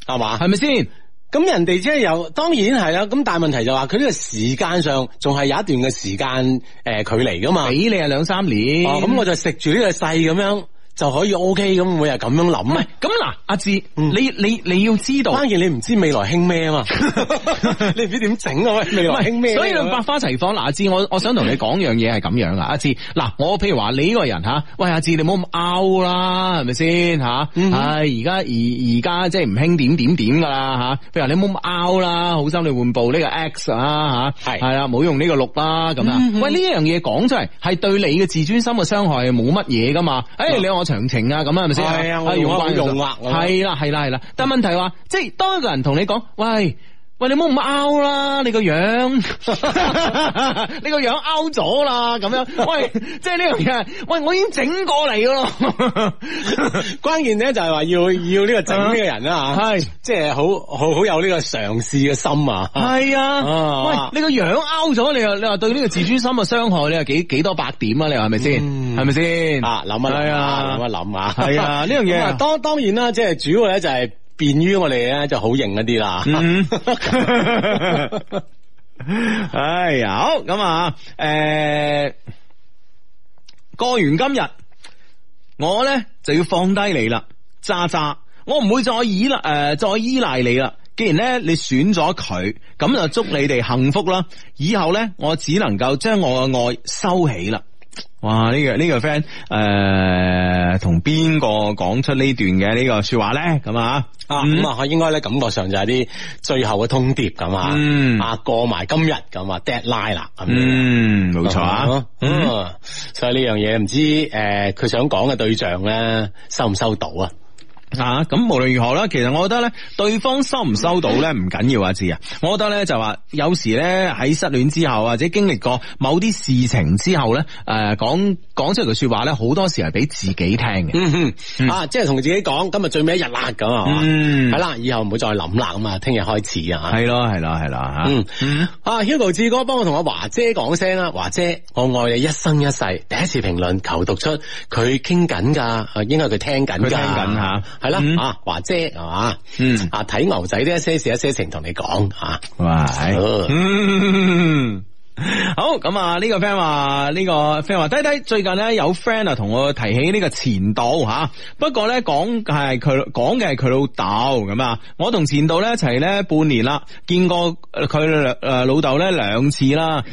係嘛？係咪先？咁人哋即係又，當然係啦。咁但係問題就話佢呢個時間上，仲係有一段嘅時間誒、呃，距離噶嘛？俾你啊兩三年。哦，咁我就食住呢個細咁樣。就可以 O K 咁每日咁樣諗，唔係咁嗱，阿志、啊嗯，你你你要知道，當然你唔知未來興咩啊嘛， 你唔知點整啊喂，未來興咩？所以百花齊放。嗱、啊，阿志，我我想同你講樣嘢係咁樣啊，阿志。嗱、啊，我譬如話你呢個人吓，喂，阿志，你唔好咁 out 啦，係咪先吓？唉，而家而而家即係唔興點點點噶啦吓。譬如話你唔好咁 out 啦，好心你換部呢個 X 啊吓，係係啦，唔好用呢個六啦咁啊。喂，呢、啊嗯啊、樣嘢講、啊啊啊啊嗯、出嚟係對你嘅自尊心嘅傷害冇乜嘢噶嘛？誒、啊呃，你我。詳情啊，咁、哎哎哎哎、啊，係咪先？係啊，我用啊，用啊，係啦、啊，係啦、啊，係啦、啊，但問題話，即係當一個人同你講，喂。喂，你唔好咁 out 啦，你個樣， 你樣，你個樣 out 咗啦，咁樣，喂，即係呢樣嘢，喂，我已經整過嚟咯， 關鍵咧就係話要要呢、呢個整呢個人啦，係、啊，即係好好好有呢個嘗試嘅心啊，係啊，啊，喂，你個樣 out 咗，你話你話對呢個自尊心嘅傷害，你話幾幾多百點啊？你話係咪先？係咪先？啊，諗呀，諗啊，諗啊諗啊，係啊，呢樣嘢，當當然啦，即、就、係、是、主要咧就係、是。便於我哋咧就好型一啲啦。嗯，哎呀，好咁啊，誒、呃，過完今日，我咧就要放低你啦，渣渣，我唔會再依賴誒、呃，再依賴你啦。既然咧你選咗佢，咁就祝你哋幸福啦。以後咧，我只能夠將我嘅愛收起啦。哇！呢、呢個呢個 friend 誒，同邊個講出呢段嘅呢個說話咧？咁、嗯、啊啊，咁、嗯、啊，應該咧感覺上就係啲最後嘅通牒咁啊，嗯啊，過埋今日咁啊，deadline 啦，嗯，冇錯啊，嗯，啊嗯嗯啊、所以呢樣嘢唔知誒，佢、呃、想講嘅對象咧收唔收到啊？啊咁，無論如何啦，其實我覺得咧，對方收唔收到咧唔緊要啊，志啊，我覺得咧就話，有時咧喺失戀之後或者經歷過某啲事情之後咧，誒，講講出嚟嘅說話咧，好多時係俾自己聽嘅，嗯嗯。啊，即係同自己講，今日最尾一日啦，咁、嗯、啊，係啦，以後唔會再諗啦，咁啊，聽日開始啊，吓，係咯，係咯，係咯，吓，啊，Hugo 志哥，幫我同阿華姐講聲啦，華姐，我愛你一生一世，第一次評論求讀出，佢傾緊噶，應該佢聽緊噶，聽緊吓。啊係啦，啊華姐係嘛？嗯，啊睇、啊嗯、牛仔啲一些事一些情同你講吓、啊，哇，啊、嗯。嗯好咁啊，呢個 friend 話，呢個 friend 話，低低最近呢，有 friend 啊，同我提起呢個前度吓。不過呢，講係佢講嘅係佢老豆咁啊。我同前度呢一齊呢半年啦，見過佢老豆呢兩次啦。誒、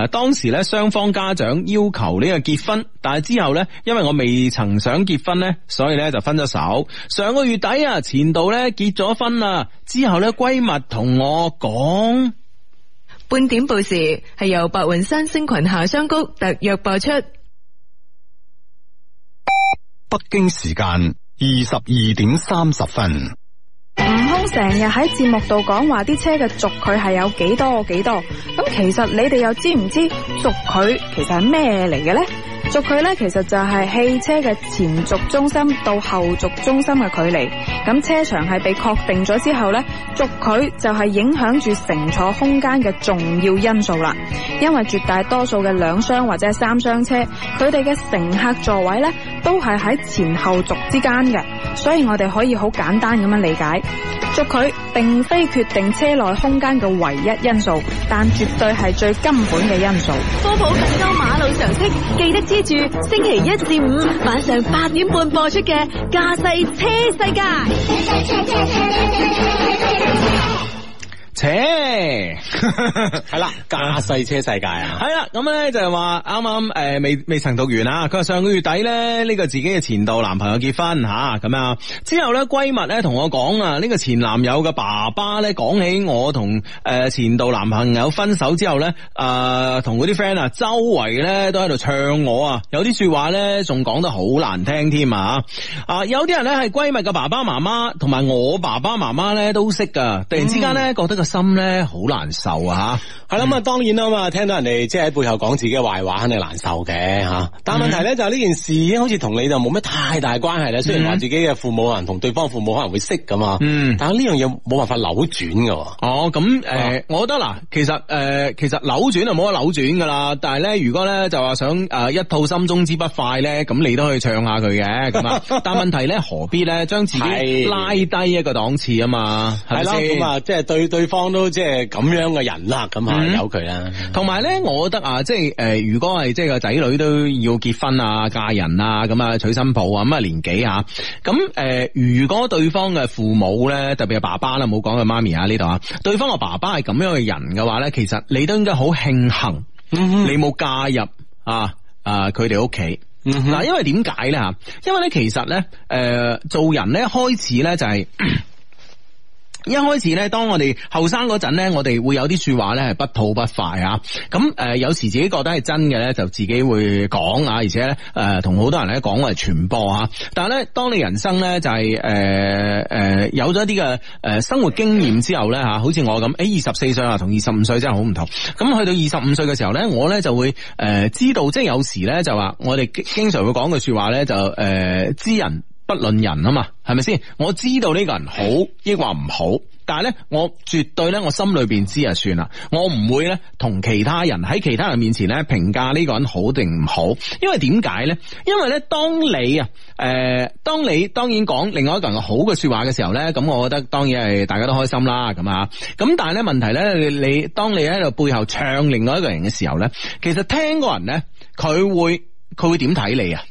呃，當時呢雙方家長要求呢個結婚，但係之後呢，因為我未曾想結婚呢，所以呢就分咗手。上個月底啊，前度呢結咗婚啦，之後呢，閨蜜同我講。半點報時係由白雲山星群夏桑菊特約播出。北京時間二十二點三十分。唔通成日喺節目度講話啲車嘅軸距係有幾多幾多？咁其實你哋又知唔知軸距其實係咩嚟嘅咧？軸距咧，其實就係汽車嘅前軸中心到後軸中心嘅距離。咁車長係被確定咗之後呢，軸距就係影響住乘坐空間嘅重要因素啦。因為絕大多數嘅兩廂或者三廂車，佢哋嘅乘客座位呢都係喺前後軸之間嘅，所以我哋可以好簡單咁樣理解，軸距並非決定車內空間嘅唯一因素，但絕對係最根本嘅因素。科普更多馬路常識，記得知。記住，星期一至五晚上八點半播出嘅《駕駛車世界》。切，係 啦，架細車世界啊！係 啦，咁咧就係話啱啱誒未未曾讀完啊！佢話上個月底咧呢、這個自己嘅前度男朋友結婚吓，咁啊樣，之後咧閨蜜咧同我講啊，呢、這個前男友嘅爸爸咧講起我同誒、呃、前度男朋友分手之後咧、呃，啊同啲 friend 啊周圍咧都喺度唱我啊，有啲說話咧仲講得好難聽添啊！啊有啲人咧係閨蜜嘅爸爸媽媽同埋我爸爸媽媽咧都識噶，突然之間咧覺得。嗯個心咧好難受啊，係、嗯、啦，咁啊當然啦嘛，聽到人哋即係喺背後講自己嘅壞話，肯定難受嘅吓。但問題咧就係呢件事已經好似同你就冇咩太大關係啦、嗯。雖然話自己嘅父母可能同對方父母可能會識噶嘛、嗯，但係呢樣嘢冇辦法扭轉噶、啊。哦，咁誒、呃，我覺得嗱，其實誒、呃，其實扭轉就冇得扭轉噶啦。但係咧，如果咧就話想誒、呃，一吐心中之不快咧，咁你都可以唱下佢嘅， 但係問題咧何必咧將自己拉低一個檔次啊嘛？係啦，咁啊，即係、就是、對對。方都即係咁樣嘅人啦，咁啊由佢啦。同埋咧，我覺得啊，即係誒，如果係即係個仔女都要結婚啊、嫁人啊，咁啊娶新抱啊，咁啊年紀啊，咁誒，如果對方嘅父母咧，特別係爸爸啦，冇講佢媽咪啊呢度啊，對方個爸爸係咁樣嘅人嘅話咧，其實你都應該好慶幸，嗯、你冇嫁入啊啊佢哋屋企。嗱、嗯，因為點解咧吓？因為咧其實咧，誒做人咧開始咧就係、是。 一開始咧，當我哋後生嗰陣咧，我哋會有啲說話咧係不吐不快啊。咁誒，有時自己覺得係真嘅咧，就自己會講，而且誒同好多人咧講為傳播啊。但係咧，當你人生咧就係誒誒有咗一啲嘅誒生活經驗之後咧吓，好似我咁，誒二十四歲啊同二十五歲真係好唔同。咁去到二十五歲嘅時候咧，我咧就會誒知道，即係有時咧就話我哋經常會講嘅說話咧就誒知人。不論人啊嘛，係咪先？我知道呢個人好，呢個話唔好，但係呢，我絕對呢，我心裏邊知啊，算啦，我唔會呢，同其他人喺其他人面前呢評價呢個人好定唔好，因為點解呢？因為呢，當你啊，誒、呃，當你，當，你當然講另外一個人嘅好嘅說話嘅時候呢，咁我覺得當然係大家都開心啦，咁啊，咁但係呢問題呢，你，你當你喺度背後唱另外一個人嘅時候呢，其實聽嗰人呢，佢會佢會點睇你啊？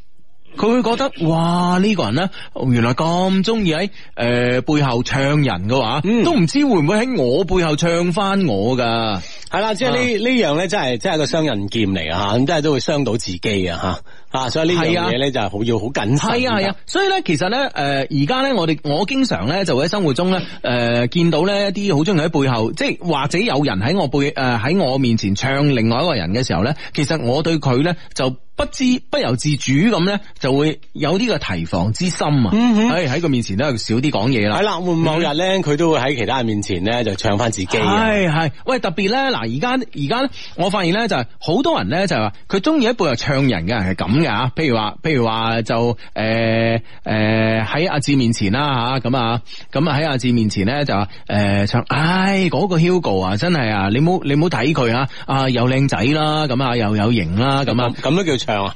佢會覺得哇呢、呢個人咧，原來咁中意喺誒背後唱人嘅話，嗯、都唔知道會唔會喺我背後唱翻我噶。係、嗯、啦，即係呢呢樣咧，真係真係個雙刃劍嚟啊！吓，咁真係都會傷到自己啊！吓。啊！所以呢樣嘢咧就係、是、好要好謹慎。係啊係啊，所以咧其實咧誒而家咧我哋我經常咧就喺生活中咧誒、呃、見到咧啲好中意喺背後即係或者有人喺我背誒喺、呃、我面前唱另外一個人嘅時候咧，其實我對佢咧就不知不由自主咁咧就會有呢個提防之心啊！喺喺佢面前都就少啲講嘢啦。係、嗯、啦，啊、會，唔會某日咧佢、嗯、都會喺其他人面前咧就唱翻自己。係係，喂特別咧嗱而家而家我發現咧就係、是、好多人咧就係話佢中意喺背後唱人嘅人係咁。就是啊，譬如話，譬如話就話誒誒喺阿志面前啦吓，咁啊咁啊喺阿志面前咧就誒唱，唉嗰個 Hugo 啊真係啊，你冇你冇睇佢啊，啊，呃哎那個、Hugo，啊又靚仔啦，咁啊又有型啦，咁啊咁都叫唱啊，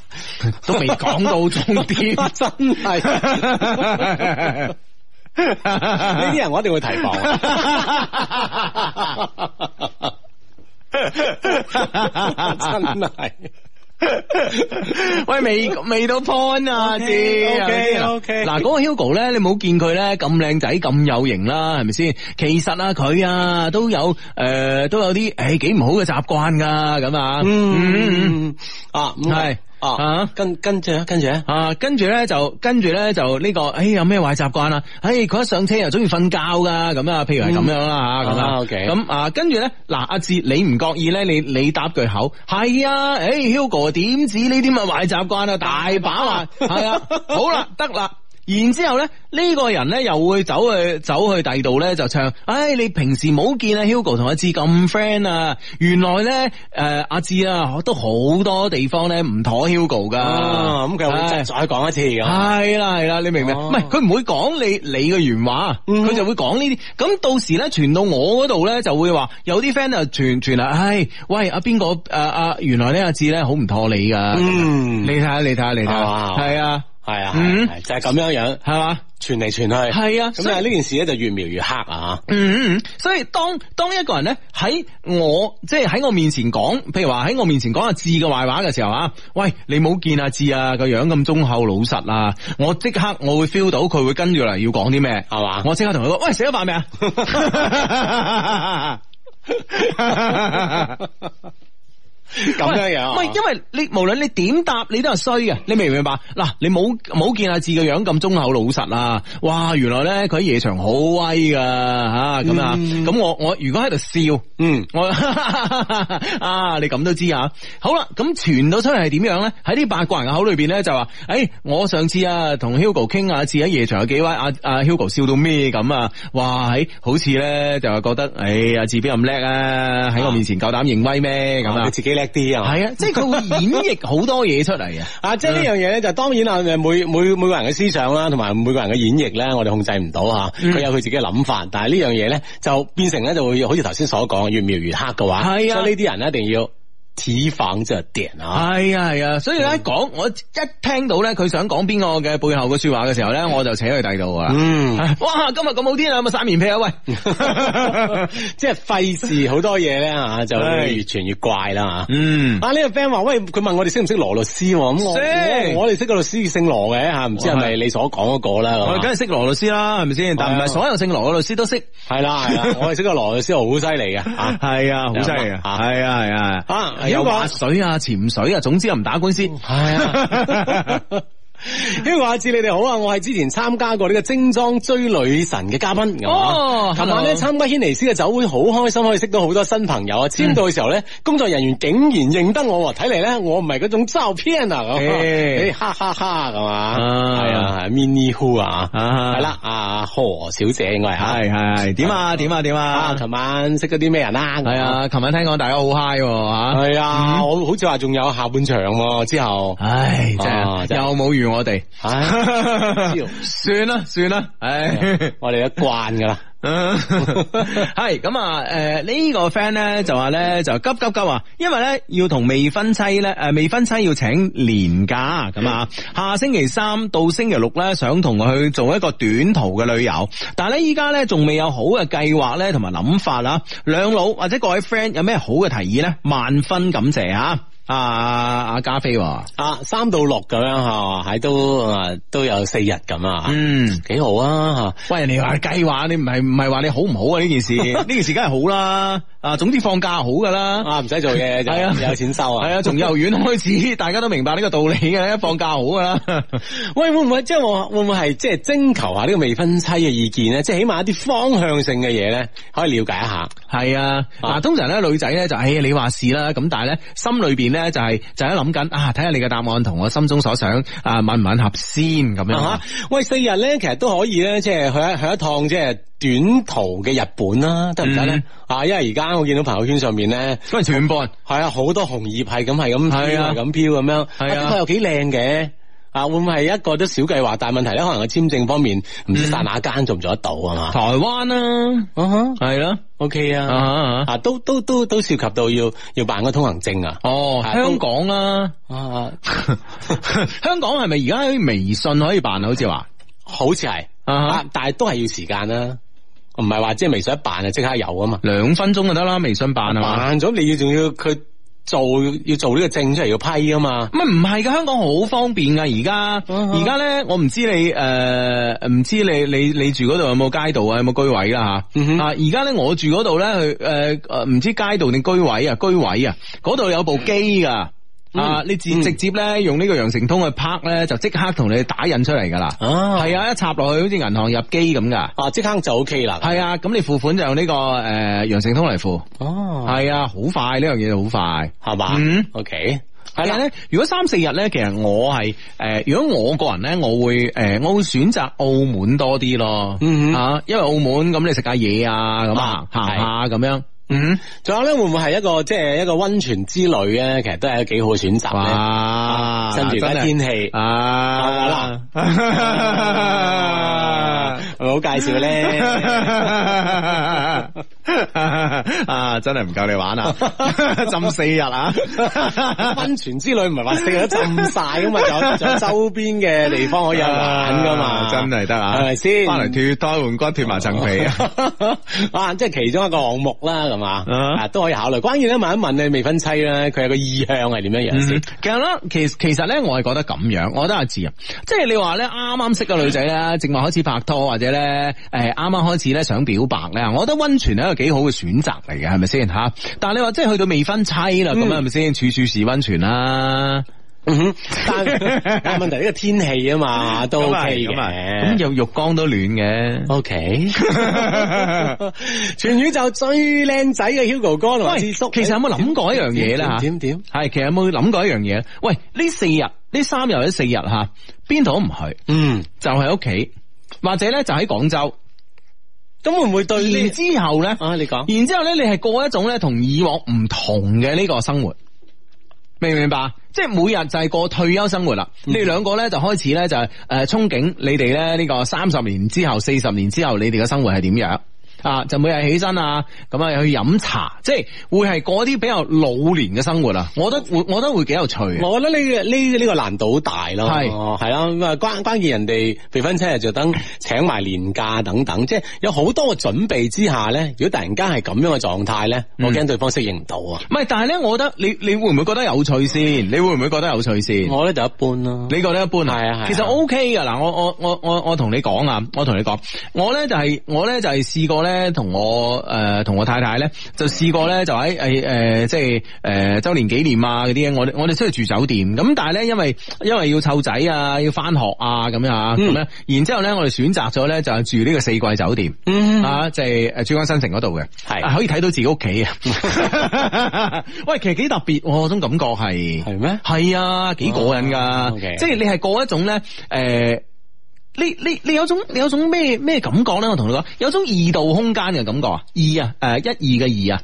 都未講到重點， 真係的是，呢 啲人我一定會提防， 真係。喂，未未到 point 啊，先。O K O K，嗱，嗰個 Hugo 咧，你冇見佢咧咁靚仔咁有型啦，係咪先？其實啊，佢啊都有誒都有啲誒幾唔好嘅習慣噶，咁啊，嗯啊唔係。哦、啊，跟跟住，跟住啊，跟住咧就跟住咧就呢、這個，誒、哎，有咩壞習慣啊？誒、哎，佢一上車又中意瞓覺噶，咁啊，譬如係咁樣啦吓，咁啦，OK，咁啊，跟住咧，嗱、啊，阿、啊、哲、啊，你唔覺意咧，你你答句口，係啊，誒、哎、，Hugo 點止呢啲咪壞習慣啊， 大把壞，係啊，好啦、啊，得啦、啊。 然之後咧，呢、這個人咧又會走去走去第二度咧就唱，唉、哎，你平時冇見啊，Hugo 同阿志咁 friend 啊，原來咧誒阿志啊，智啊都好多地方咧唔妥 Hugo 噶，咁佢會再講一次，啊，係啦係啦，你明唔明？唔係佢唔會講你你嘅原話，佢就會講呢啲，咁到時咧傳到我嗰度咧就會話有啲 friend 啊傳傳，傳、哎、啊，唉喂阿邊個、呃啊、原來呢阿志咧好唔妥你噶，嗯，你睇下你睇下你睇下係啊。哦嗯係啊，係、啊嗯、就係咁樣樣，係嘛，傳嚟傳去，係啊，咁但係呢件事咧就越描越黑啊，嗯，所以當當一個人咧喺我即係喺我面前講，譬如話喺我面前講阿志嘅壞話嘅時候啊，喂，你冇見阿志啊個樣咁忠厚老實啊，我即刻我會 feel 到佢會跟住嚟要講啲咩，係嘛，我即刻同佢講，喂，食咗飯未啊。？ 」 咁嘅樣、啊，唔係，因為你無論你點答，你都係衰嘅，你明唔明白？嗱， 你冇冇見阿志個樣咁忠厚老實啊？哇，原來咧佢喺夜場好威噶吓，咁啊，咁、啊啊、我我如果喺度笑，嗯，我 啊你咁都知啊，好啦、啊，咁傳到出嚟係點樣咧？喺呢八卦人嘅口裏邊咧就話，誒、哎，我上次啊同 Hugo 傾阿志喺夜場有幾威，阿阿 Hugo 笑到咩咁啊？哇，喺好似咧就係覺得，誒、哎，阿志邊咁叻啊？喺我面前夠膽認威咩？咁啊，啊自己。叻啲啊！係啊， 即係佢會演繹好多嘢出嚟啊！啊、嗯，即係呢樣嘢咧，就當然啦，每每每個人嘅思想啦，同埋每個人嘅演繹咧，我哋控制唔到吓，佢有佢自己嘅諗法。嗯、但係呢樣嘢咧，就變成咧就會好似頭先所講，嘅，越描越黑嘅話，啊、所以呢啲人咧一定要。似反就跌啊！係啊係啊，所以咧講，我一聽到咧佢想講邊個嘅背後嘅說話嘅時候咧，我就扯佢第度啊。嗯，哇，今日咁好天啊，咪有有散棉被啊？喂， 即係費事好多嘢咧吓，就越傳越怪啦吓。嗯，啊呢、這個 friend 話喂，佢問我哋識唔識羅律師咁、啊嗯、我我我哋識個律師姓羅嘅吓，唔知係咪你所講嗰、那個啦？我哋梗係識羅律師啦、啊，係咪先？但唔係所有姓羅嘅律師都識。係啦係啦，我哋識個羅律師好犀利嘅。係 啊，好犀利啊。係啊係啊。有滑水啊，潛水啊，總之又唔打官司。係啊。Hugo 阿志，你哋好啊！我係之前參加過呢個精裝追女神嘅嘉賓，係、oh, 琴晚咧參加軒尼斯嘅酒會，好開心可以識到好多新朋友啊！簽到嘅時候咧， 工作人員竟然認得我，睇嚟咧我唔係嗰種照片啊咁，誒、hey. 哈，哈哈哈，係嘛？係啊，係、啊啊啊啊、Mini Who 啊？係啦，阿、啊、何小姐應該係係點啊？點啊？點啊？琴、啊啊啊啊啊啊、晚識咗啲咩人啊？係啊！琴、啊、晚聽講大家好嗨喎係啊，啊，啊、嗯！我好似話仲有下半場、啊、之後，唉、哎啊，真係又冇完。我哋， 算啦算啦，唉 我哋一慣噶啦，係咁啊，誒、呃、呢、這個 friend 咧就話咧就急急急啊，因為咧要同未婚妻咧誒未婚妻要請年假咁啊，下星期三到星期六咧想同佢去做一個短途嘅旅遊，但係咧依家咧仲未有好嘅計劃咧同埋諗法啊，兩老或者各位 friend 有咩好嘅提議咧，萬分感謝啊！阿、啊、阿加菲話、啊：，三到六咁樣吓，喺、啊啊、都啊都有四日咁啊。嗯，幾好啊。喂，你話雞話，你唔係唔係話你好唔好啊？呢件事，呢 件事梗係好啦，、啊。啊，總之放假好噶啦。啊，唔使做嘢就係啊，有錢收啊。係啊，從幼兒園開始， 大家都明白呢個道理嘅。放假好噶啦。 喂，喂就是，會唔會即係我會唔會係即係徵求下呢個未婚妻嘅意見咧？即、就、係、是、起碼一啲方向性嘅嘢咧，可以了解一下。係啊，嗱、啊啊，通常咧女仔咧就唉、哎，你話事啦，咁但係咧心裏邊。咧就係、是、就喺諗緊啊，睇下你嘅答案同我心中所想啊吻唔吻合先咁樣。Uh-huh. 喂，四日咧，其實都可以咧，即、就、係、是、去一去一趟即係短途嘅日本啦，得唔得咧？Mm-hmm. 啊，因為而家我見到朋友圈上面咧，嗰陣全部係、嗯、啊，好多紅葉係咁係咁係啊，咁飄咁樣，啊又幾靚嘅。啊，會唔會係一個都小計劃？但係問題咧，可能個簽證方面唔知剎那間做唔做得到啊？嘛、uh -huh，台灣啦，啊哈，係咯，OK 啊，uh -huh, uh -huh. 啊，都都都都涉及到要要辦個通行證啊？哦，香港啦，啊，香港係咪而家可以微信可以辦、uh -huh. 啊？好似話，好似係，但係都係要時間啦，唔係話即係微信一辦就即刻有啊嘛？兩分鐘就得啦，微信辦，嘛，辦咗你要仲要佢。做要做呢個證出嚟要批啊嘛。咪唔係噶，香港好方便噶而家，而家咧我唔知你誒，唔、呃、知你你你住嗰度有冇街道有有啊，有、嗯、冇、啊呃、居委啦吓，啊而家咧我住嗰度咧去誒誒唔知街道定居委啊，居委啊，嗰度有部機噶。嗯、啊！你直接咧用呢個羊城通去拍咧，就即刻同你打印出嚟噶啦。哦、啊，係啊，一插落去好似銀行入機咁噶。啊，即刻就 O K 啦。係啊，咁你付款就用呢、這個誒羊城通嚟付。哦，係啊，好快呢樣嘢好快，係、這、嘛、個？嗯，O K。係、okay，啊咧，啦如果三四日咧，其實我係誒、呃，如果我個人咧，我會誒、呃，我會選擇澳門多啲咯。嗯，啊，因為澳門咁你食下嘢啊，咁啊行下咁樣。啊嗯，仲有咧會唔會係一個即係、就是、一個溫泉之旅咧？其實都係一個幾好嘅選擇咧、啊，甚至個天氣啊，好、啊、啦，我、啊啊啊啊、好介紹咧，啊，真係唔夠你玩啊！浸四日啊，溫泉之旅唔係話四日浸晒噶嘛，啊有，啊、有周邊嘅地方可以玩噶嘛，真係得啊，係咪、啊、先？翻嚟脫胎換骨，脫埋層皮啊！啊，即、啊、係、啊啊、其中一個項目啦、啊，咁。啊、uh -huh.，都可以考慮，關鍵咧，問一問你未婚妻啦，佢有個意向係點樣樣先、uh -huh.。其實咧，其其實咧，我係覺得咁樣，我覺得阿志，即係你話咧啱啱識個女仔啦，正話開始拍拖或者咧，誒啱啱開始咧想表白咧，我覺得溫泉係一個幾好嘅選擇嚟嘅，係咪先吓？Uh -huh. 但係你話即係去到未婚妻啦，咁樣係咪先處處是溫泉啦、啊？嗯，但但問題呢個天氣啊嘛，都 OK 嘅。咁有浴缸都暖嘅，OK。 全宇宙最靚仔嘅 Hugo 哥嚟住叔。其實有冇諗過一樣嘢咧？係，點點？係其實有冇諗過一樣嘢？喂，呢四日呢三日或者四日吓邊度都唔去，嗯，就喺屋企或者咧就喺廣州。咁會唔會對你後之後咧？啊，你講。然後之後咧，你係過一種咧同以往唔同嘅呢個生活，明唔明白？即係每日就係過退休生活啦。你哋兩個咧，就開始咧，就係誒憧憬你哋咧，呢個三十年之後，四十年之後你哋嘅生活係點樣？啊，就每日起身啊，咁啊去飲茶，即係會係嗰啲比較老年嘅生活啊。我覺得會，我覺得會幾有趣。我覺得呢個呢呢個難度好大咯。係，係咯咁啊。關關鍵人哋未婚妻啊，就等請埋年假等等，即係有好多準備之下咧。如果突然間係咁樣嘅狀態咧，我驚對方適應唔到啊。嗯，唔係，但係咧，我覺得你你會唔會覺得有趣先？你會唔會覺得有趣先？嗯，我咧就一般咯。你覺得一般啊？係啊係。其實 O K 噶嗱，我我我我我同你講啊，我同你講，我咧就係我咧就係試過咧。咧同我誒同、呃、我太太咧就試過咧就喺誒誒即係誒、呃、周年紀念啊嗰啲嘢，我我哋出去住酒店咁，但係咧因為因為要湊仔啊要翻學啊咁樣咁樣、嗯、然之後咧我哋選擇咗咧就住呢個四季酒店、嗯、啊即係誒珠江新城嗰度嘅係可以睇到自己屋企啊，喂，其實幾特別我種感覺係係咩係啊幾過癮噶即係你係過一種咧誒。呃你你你有種你有種咩咩感覺咧？我同你講，有種異度空間嘅感覺啊、mm -hmm, um,，二啊，誒，一二嘅二啊，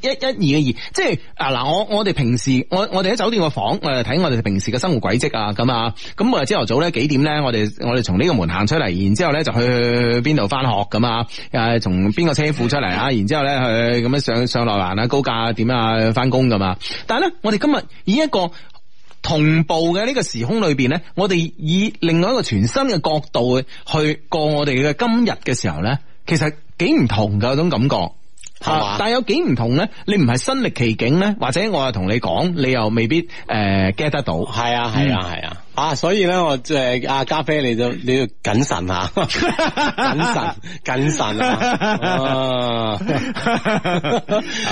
一一二嘅二，即係啊嗱，我我哋平時我我哋喺酒店個房誒睇我哋平時嘅生活軌跡啊咁啊，咁我哋朝頭早咧幾點咧？我哋我哋從呢個門行出嚟，然之後咧就去邊度翻學咁啊？誒，從邊個車庫出嚟啊？然之後咧去咁樣上上落欄啊，高架點啊翻工噶嘛？但係咧，我哋今日以一個。同步嘅呢個時空裏邊咧，我哋以另外一個全新嘅角度去過我哋嘅今日嘅時候咧，其實幾唔同噶種感覺，係嘛。但係有幾唔同咧？你唔係身歷其境咧，或者我又同你講，你又未必誒 get、呃、得到。係啊係啊係啊。啊，所以咧，我、啊、誒，阿咖啡，你就你要謹慎啊謹慎，謹慎，慎啊！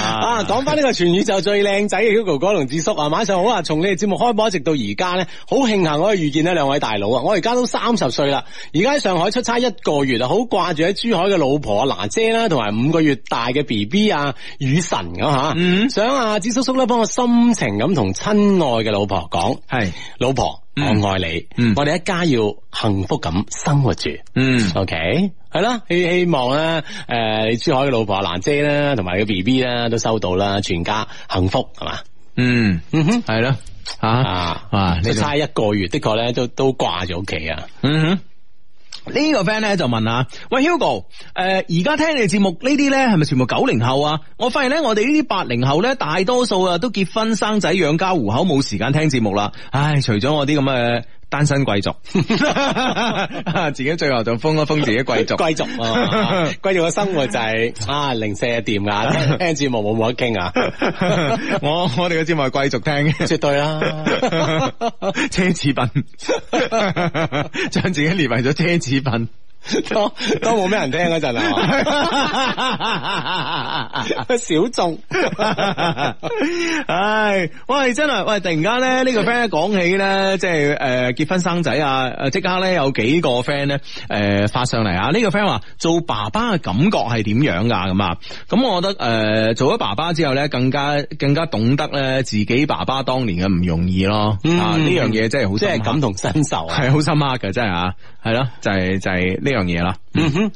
啊，講翻呢個全宇宙最靚仔嘅 Hugo 哥同智叔啊，晚、啊啊啊、上好啊！從你哋節目開播一直到而家咧，好慶幸可以遇見呢兩位大佬啊！我而家都三十歲啦，而家喺上海出差一個月啊，好掛住喺珠海嘅老婆阿娜姐啦，同埋五個月大嘅 B B 啊，雨神咁吓，想阿智叔叔咧幫我心情咁同親愛嘅老婆講，係老婆。嗯、我愛你，嗯、我哋一家要幸福咁生活住。嗯，OK，係啦，希希望咧，誒、呃，你珠海嘅老婆阿蘭姐啦，同埋個 B B 啦，都收到啦，全家幸福係嘛？嗯，嗯哼，係咯，啊啊，出差一個月，的確咧，都都掛咗屋企啊，嗯哼。呢個 friend 咧，就問啦，喂 Hugo，誒而家聽你節目呢啲咧係咪全部九零後啊？我發現咧我哋呢啲八零後咧，大多數啊都結婚生仔養家糊口，冇時間聽節目啦，唉，除咗我啲咁嘅。呃單身貴族， 自己最後就封一封自己貴族，貴族啊，貴族嘅生活就係、是、啊，零舍又掂噶， 聽節目冇冇得傾啊，我我哋嘅節目係貴族聽嘅，絕對啦，奢 侈刺品，將 自己列為咗奢侈品。都多冇咩人聽嗰陣啊， 小眾眾。唉， 喂，真係喂，突然間咧呢個 friend 講起咧，即係誒、呃、結婚生仔啊，即刻咧有幾個 friend 咧誒發上嚟啊。呢個 friend 話做爸爸嘅感覺係點樣噶咁啊？咁我覺得誒、呃、做咗爸爸之後咧，更加更加懂得咧自己爸爸當年嘅唔容易咯。嗯、啊，呢樣嘢真係好即係感同身受，係好深刻嘅真係啊！係咯、啊，就係、是、就係呢樣嘢啦。嗯哼，誒、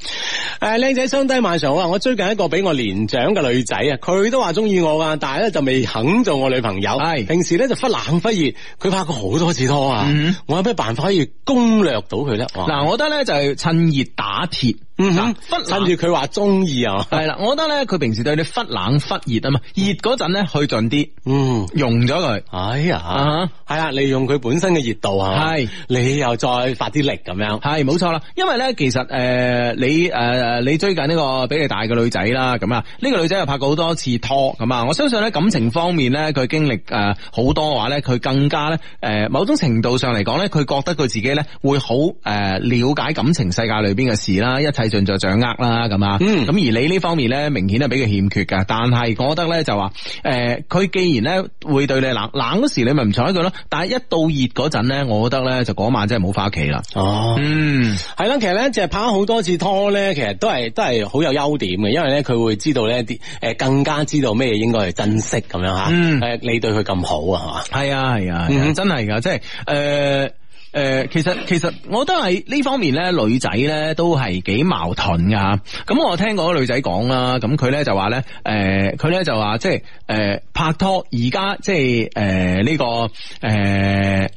啊，靚仔，相低晚上我追緊一個比我年長嘅女仔啊，佢都話中意我噶，但係咧就未肯做我女朋友。係平時咧就忽冷忽熱，佢拍過好多次拖啊、嗯。我有咩辦法可以攻略到佢咧？嗱、啊，我覺得咧就係、趁熱打鐵。嗯哼，趁住佢話中意啊，係啦，我覺得咧佢平時對你忽冷忽熱啊嘛，熱嗰陣咧去盡啲，嗯，溶咗佢，哎呀，係、uh、啊 -huh，利用佢本身嘅熱度啊，係，你又再發啲力咁樣，係，冇錯啦，因為咧其實誒、呃、你誒、呃、你追緊呢個比你大嘅女仔啦，咁啊，呢、這個女仔又拍過好多次拖咁啊，我相信咧感情方面咧佢經歷誒好多話咧，佢更加咧誒、呃、某種程度上嚟講咧，佢覺得佢自己咧會好誒了解感情世界裏邊嘅事啦，一切。盡在掌握啦，咁啊，咁而你呢方面咧，明顯咧比佢欠缺噶。但係我覺得咧就話，誒、呃，佢既然咧會對你冷冷嗰時，你咪唔睬佢咯。但係一到熱嗰陣咧，我覺得咧就嗰晚真係冇返屋企啦。哦，嗯，係啦，其實咧就係拍好多次拖咧，其實都係都係好有優點嘅，因為咧佢會知道咧啲誒更加知道咩嘢應該係珍惜咁樣吓。誒、嗯，你對佢咁好啊，係、嗯、嘛？係啊係啊，真係噶，即係誒。呃誒、呃，其實其實，我都係呢方面咧，女仔咧都係幾矛盾噶。咁我聽過個女仔講啦，咁佢咧就話咧，誒、呃，佢咧就話即係，誒、呃，拍拖而家即係，誒、呃，呢、這個誒。呃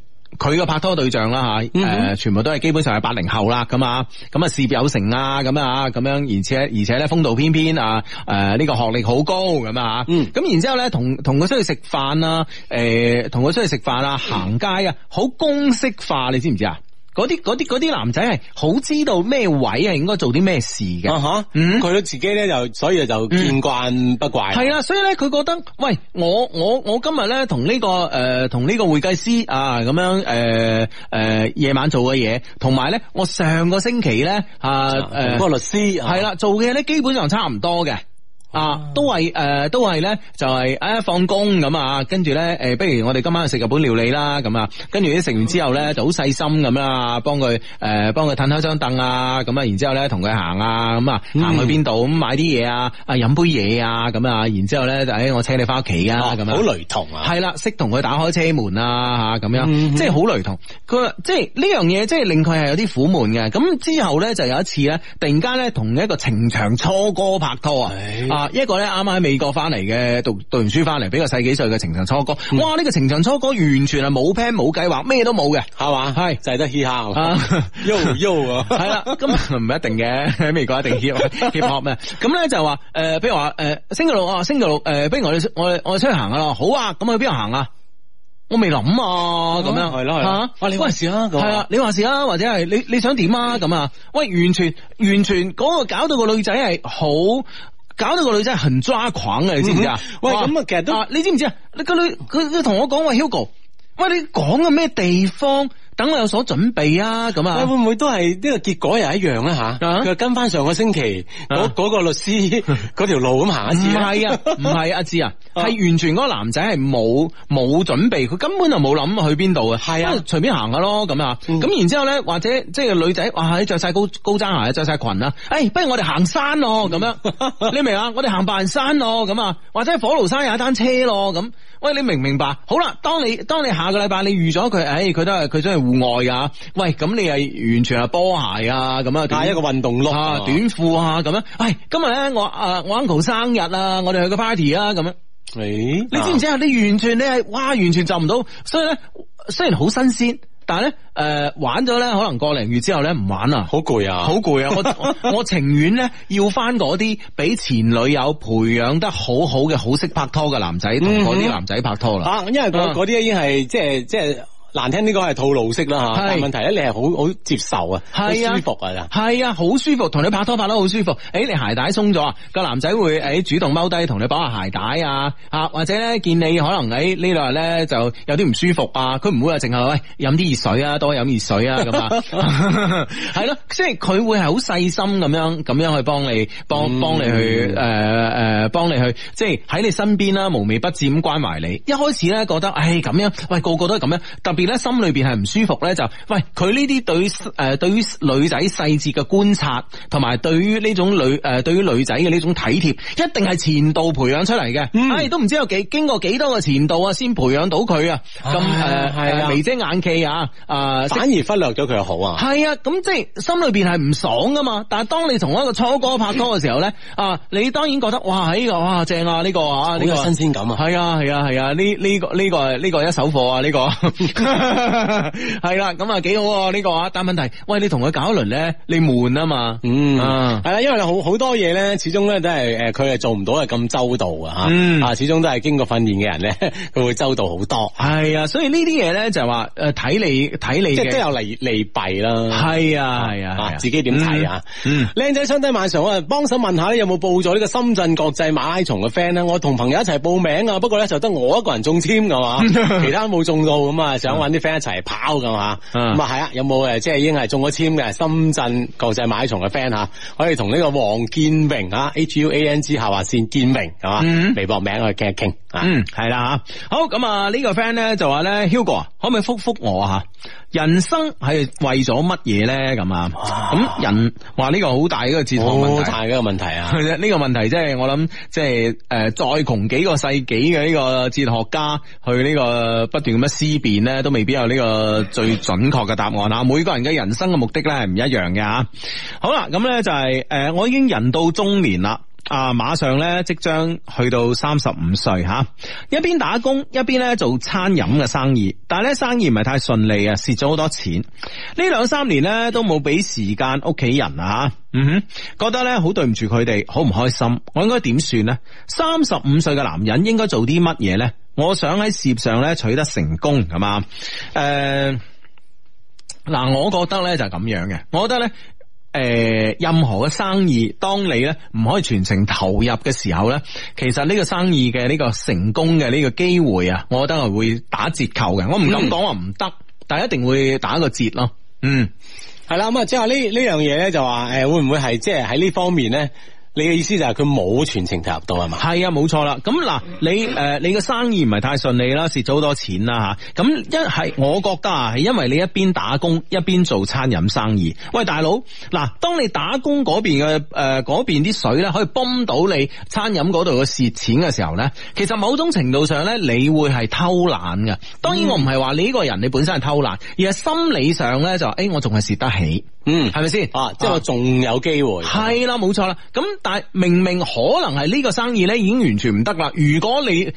佢嘅拍拖對象啦嚇，誒、呃、全部都係基本上係八零後啦，咁啊，咁啊事業有成啊，咁啊，咁樣，而且而且咧風度翩翩啊，誒、呃、呢、呢個學歷好高咁啊，咁、嗯、然之後咧，同同佢出去食飯啊，誒同佢出去食飯啊，行街啊，好、嗯、公式化，你知唔知啊？嗰啲嗰啲嗰啲男仔係好知道咩位啊，應該做啲咩事嘅。啊哈，佢、嗯、都自己咧就，所以就見慣不怪。係、嗯、啦，所以咧佢覺得，喂，我我我今日咧同呢個誒同呢個會計師啊咁樣誒誒、呃呃、夜晚做嘅嘢，同埋咧我上個星期咧啊誒個律師係啦、啊，做嘅咧基本上差唔多嘅。啊，都係誒、呃，都係咧、就是，就係誒放工咁啊，跟住咧誒，不、呃、如我哋今晚去食日本料理啦，咁啊，跟住啲食完之後咧，就好細心咁啦，幫佢誒，幫佢褪開張凳啊，咁、哎、啊，然之後咧同佢行啊，咁啊，行去邊度咁買啲嘢啊，啊飲杯嘢啊，咁啊，然之後咧就誒，我車你翻屋企啊，咁樣好雷同啊，係啦，識同佢打開車門啊，咁樣，即係好雷同。佢即係呢樣嘢，即係令佢係有啲苦悶嘅。咁之後咧就有一次咧，突然間咧同一個情場初哥拍拖、哎、啊。一個咧啱啱喺美國翻嚟嘅讀讀完書翻嚟，比個細幾歲嘅情場初哥、嗯，哇！呢、這個情場初哥完全係冇 plan 冇計劃，咩都冇嘅，係、嗯、嘛？係就係得 hip hop，yo yo 係啦，咁唔、 嗯啊、 一定嘅，喺美國一定 hip hop 咩？咁 咧就話誒、呃，比如話誒星期六啊，星期六誒，不、呃、如我哋出我哋出去行啊？好啊，咁去邊度行啊？我未諗啊，咁樣係咯，你話事啊？係啊，啊，啊，你話事啊？或者係你你想點啊？咁啊，喂，完全完全嗰個搞到個女仔係好。搞到個女仔係很抓狂嘅，你知唔知啊、嗯？喂，咁啊，其實都你知唔知啊？你知知啊、你個女佢佢同我講話，Hugo，喂，你講嘅咩地方？等我有所準備啊，咁啊會唔會都係呢個結果又一樣啊？吓、uh、佢 -huh. 跟翻上個星期嗰嗰、uh -huh. 個律師嗰條、uh -huh. 路咁行一次，唔係啊，唔係阿志啊，係、啊啊 uh -huh. 完全嗰個男仔係冇冇準備，佢根本就冇諗去邊度、uh -huh. 啊，係啊，隨便行下咯咁啊，咁然之後咧或者即係、就是、女仔哇喺着晒高高踭鞋，着晒裙啊，哎，不如我哋行山咯，咁樣、啊 uh -huh. 你明啊？我哋行白雲山咯，咁啊，或者火爐山踩單車咯，咁喂，你明唔明白？好啦，當你當你下個禮拜你預咗佢，哎，佢都係佢都係。外噶、啊，喂，咁你係完全係波鞋啊，咁啊，戴一個運動 look 短褲啊，咁、啊、樣。唉，今日咧，我誒、uh, 我 uncle 生日啊，我哋去個 party 啊，咁樣。誒、欸，你知唔知啊？你完全你係，哇，完全就唔到。所以咧，雖然好新鮮，但係咧，誒、呃，玩咗咧，可能個零月之後咧，唔玩啦，好攰啊，好攰啊，我 我，我情願咧要返嗰啲，俾前女友培養得好好嘅，好識拍拖嘅男仔，同嗰啲男仔拍拖啦。吓、嗯，因為嗰啲已經係、啊、即係即係。難聽呢個係套路式啦吓，但係問題咧、啊啊啊哎，你係好好接受啊，好、啊哎、舒服啊，係啊，好舒服，同你拍拖拍得好舒服。誒，你鞋帶鬆咗啊，個男仔會誒主動踎低同你綁下鞋帶啊，啊或者咧見你可能喺呢度咧就有啲唔舒服啊，佢唔會話淨係喂飲啲熱水啊，多飲熱水啊咁 啊，係咯，即係佢會係好細心咁樣咁樣去幫你幫幫你去誒誒幫你去，即係喺你身邊啦，無微不至咁關懷你。一開始咧覺得誒咁、哎、樣，喂個個都係咁樣，特別。而咧心裏邊係唔舒服咧，就喂佢呢啲對誒、呃，對於女仔細節嘅觀察，同埋對於呢種女誒、呃，對於女仔嘅呢種體貼，一定係前度培養出嚟嘅。唉、嗯哎，都唔知有幾經過幾多個前度啊，先培養到佢啊。咁誒，眉精眼企啊，誒、啊啊啊啊啊啊，反而忽略咗佢嘅好啊。係啊，咁即係心裏邊係唔爽噶嘛。但係當你同一個初哥拍拖嘅時候咧，嗯、啊，你當然覺得哇呢個、哎、哇正啊呢、這個啊呢個新鮮感啊。係啊係啊係啊，呢呢、啊啊啊啊啊啊這個呢、這個呢、這個、這個、一手貨啊呢、這個。係 啦，咁啊幾好呢個啊，這個、但係問題，喂你同佢搞一輪咧，你悶啊嘛，嗯啊，係啦，因為好好多嘢咧、呃嗯，始終咧都係誒，佢係做唔到係咁周到㗎。吓，啊，始終都係經過訓練嘅人咧，佢會周到好多。係啊，所以呢啲嘢咧就係話誒，睇你睇你，即係都有利利弊啦。係啊係啊，啊，啊，啊，自己點睇、嗯、啊？嗯，靚仔，相低晚上我哋幫手問下有冇報咗呢個深圳國際馬拉松嘅 friend 咧？ 我同朋友一齊報名啊，不過咧就得我一個人中簽噶嘛，其他冇中到咁啊揾啲 friend 一齊跑咁吓，咁啊係、嗯、啊，有冇誒即係已經係中咗簽嘅深圳國際馬拉松嘅 friend 吓，可以同呢個黃建榮啊 H U A N G 下劃線建榮係嘛，微博名去傾一傾。嗯，係啦吓，好咁啊！呢個 friend 咧就話咧，Hugo 可唔可以覆覆我啊？人生係為咗乜嘢咧？咁啊，咁人話呢個好大一個哲學問題，好、哦、大一個問題啊！係啫，呢個問題真係我諗，即係誒，再窮幾個世紀嘅呢個哲學家去呢個不斷咁樣思辨咧，都未必有呢個最準確嘅答案啊！每個人嘅人生嘅目的咧係唔一樣嘅吓。好啦，咁咧就係誒，我已經人到中年啦。啊！馬上咧，即將去到三十五歲吓，一邊打工，一邊咧做餐飲嘅生意，但係咧生意唔係太順利啊，蝕咗好多錢。呢兩三年咧都冇俾時間屋企人啊，嗯哼，覺得咧好對唔住佢哋，好唔開心。我應該點算呢？三十五歲嘅男人應該做啲乜嘢呢？我想喺事業上咧取得成功，係嘛？誒，嗱，我覺得咧就係咁樣嘅，我覺得咧。誒，任何嘅生意，當你咧唔可以全程投入嘅時候咧，其實呢個生意嘅呢個成功嘅呢個機會啊，我覺得係會打折扣嘅。我唔敢講話唔得，嗯、但係一定會打個折咯。嗯，嗯是，係啦，咁啊，即係呢呢樣嘢咧，就話誒，會唔會係即係喺呢方面咧？你嘅意思就係佢冇全程投入到係嘛？係啊，冇錯啦。咁嗱，你誒，你嘅生意唔係太順利啦，蝕咗好多錢啦吓。咁一係，我覺得啊，係因為你一邊打工一邊做餐飲生意。喂，大佬，嗱，當你打工嗰邊嘅誒，嗰邊啲水咧可以泵到你餐飲嗰度嘅蝕錢嘅時候咧，其實某種程度上咧，你會係偷懶㗎。當然，我唔係話你呢個人你本身係偷懶，而係心理上咧就誒、是哎，我仲係蝕得起。嗯，係咪先？啊，即係話仲有機會。係、啊、啦，冇錯啦。咁但係明明可能係呢個生意咧，已經完全唔得啦。如果你誒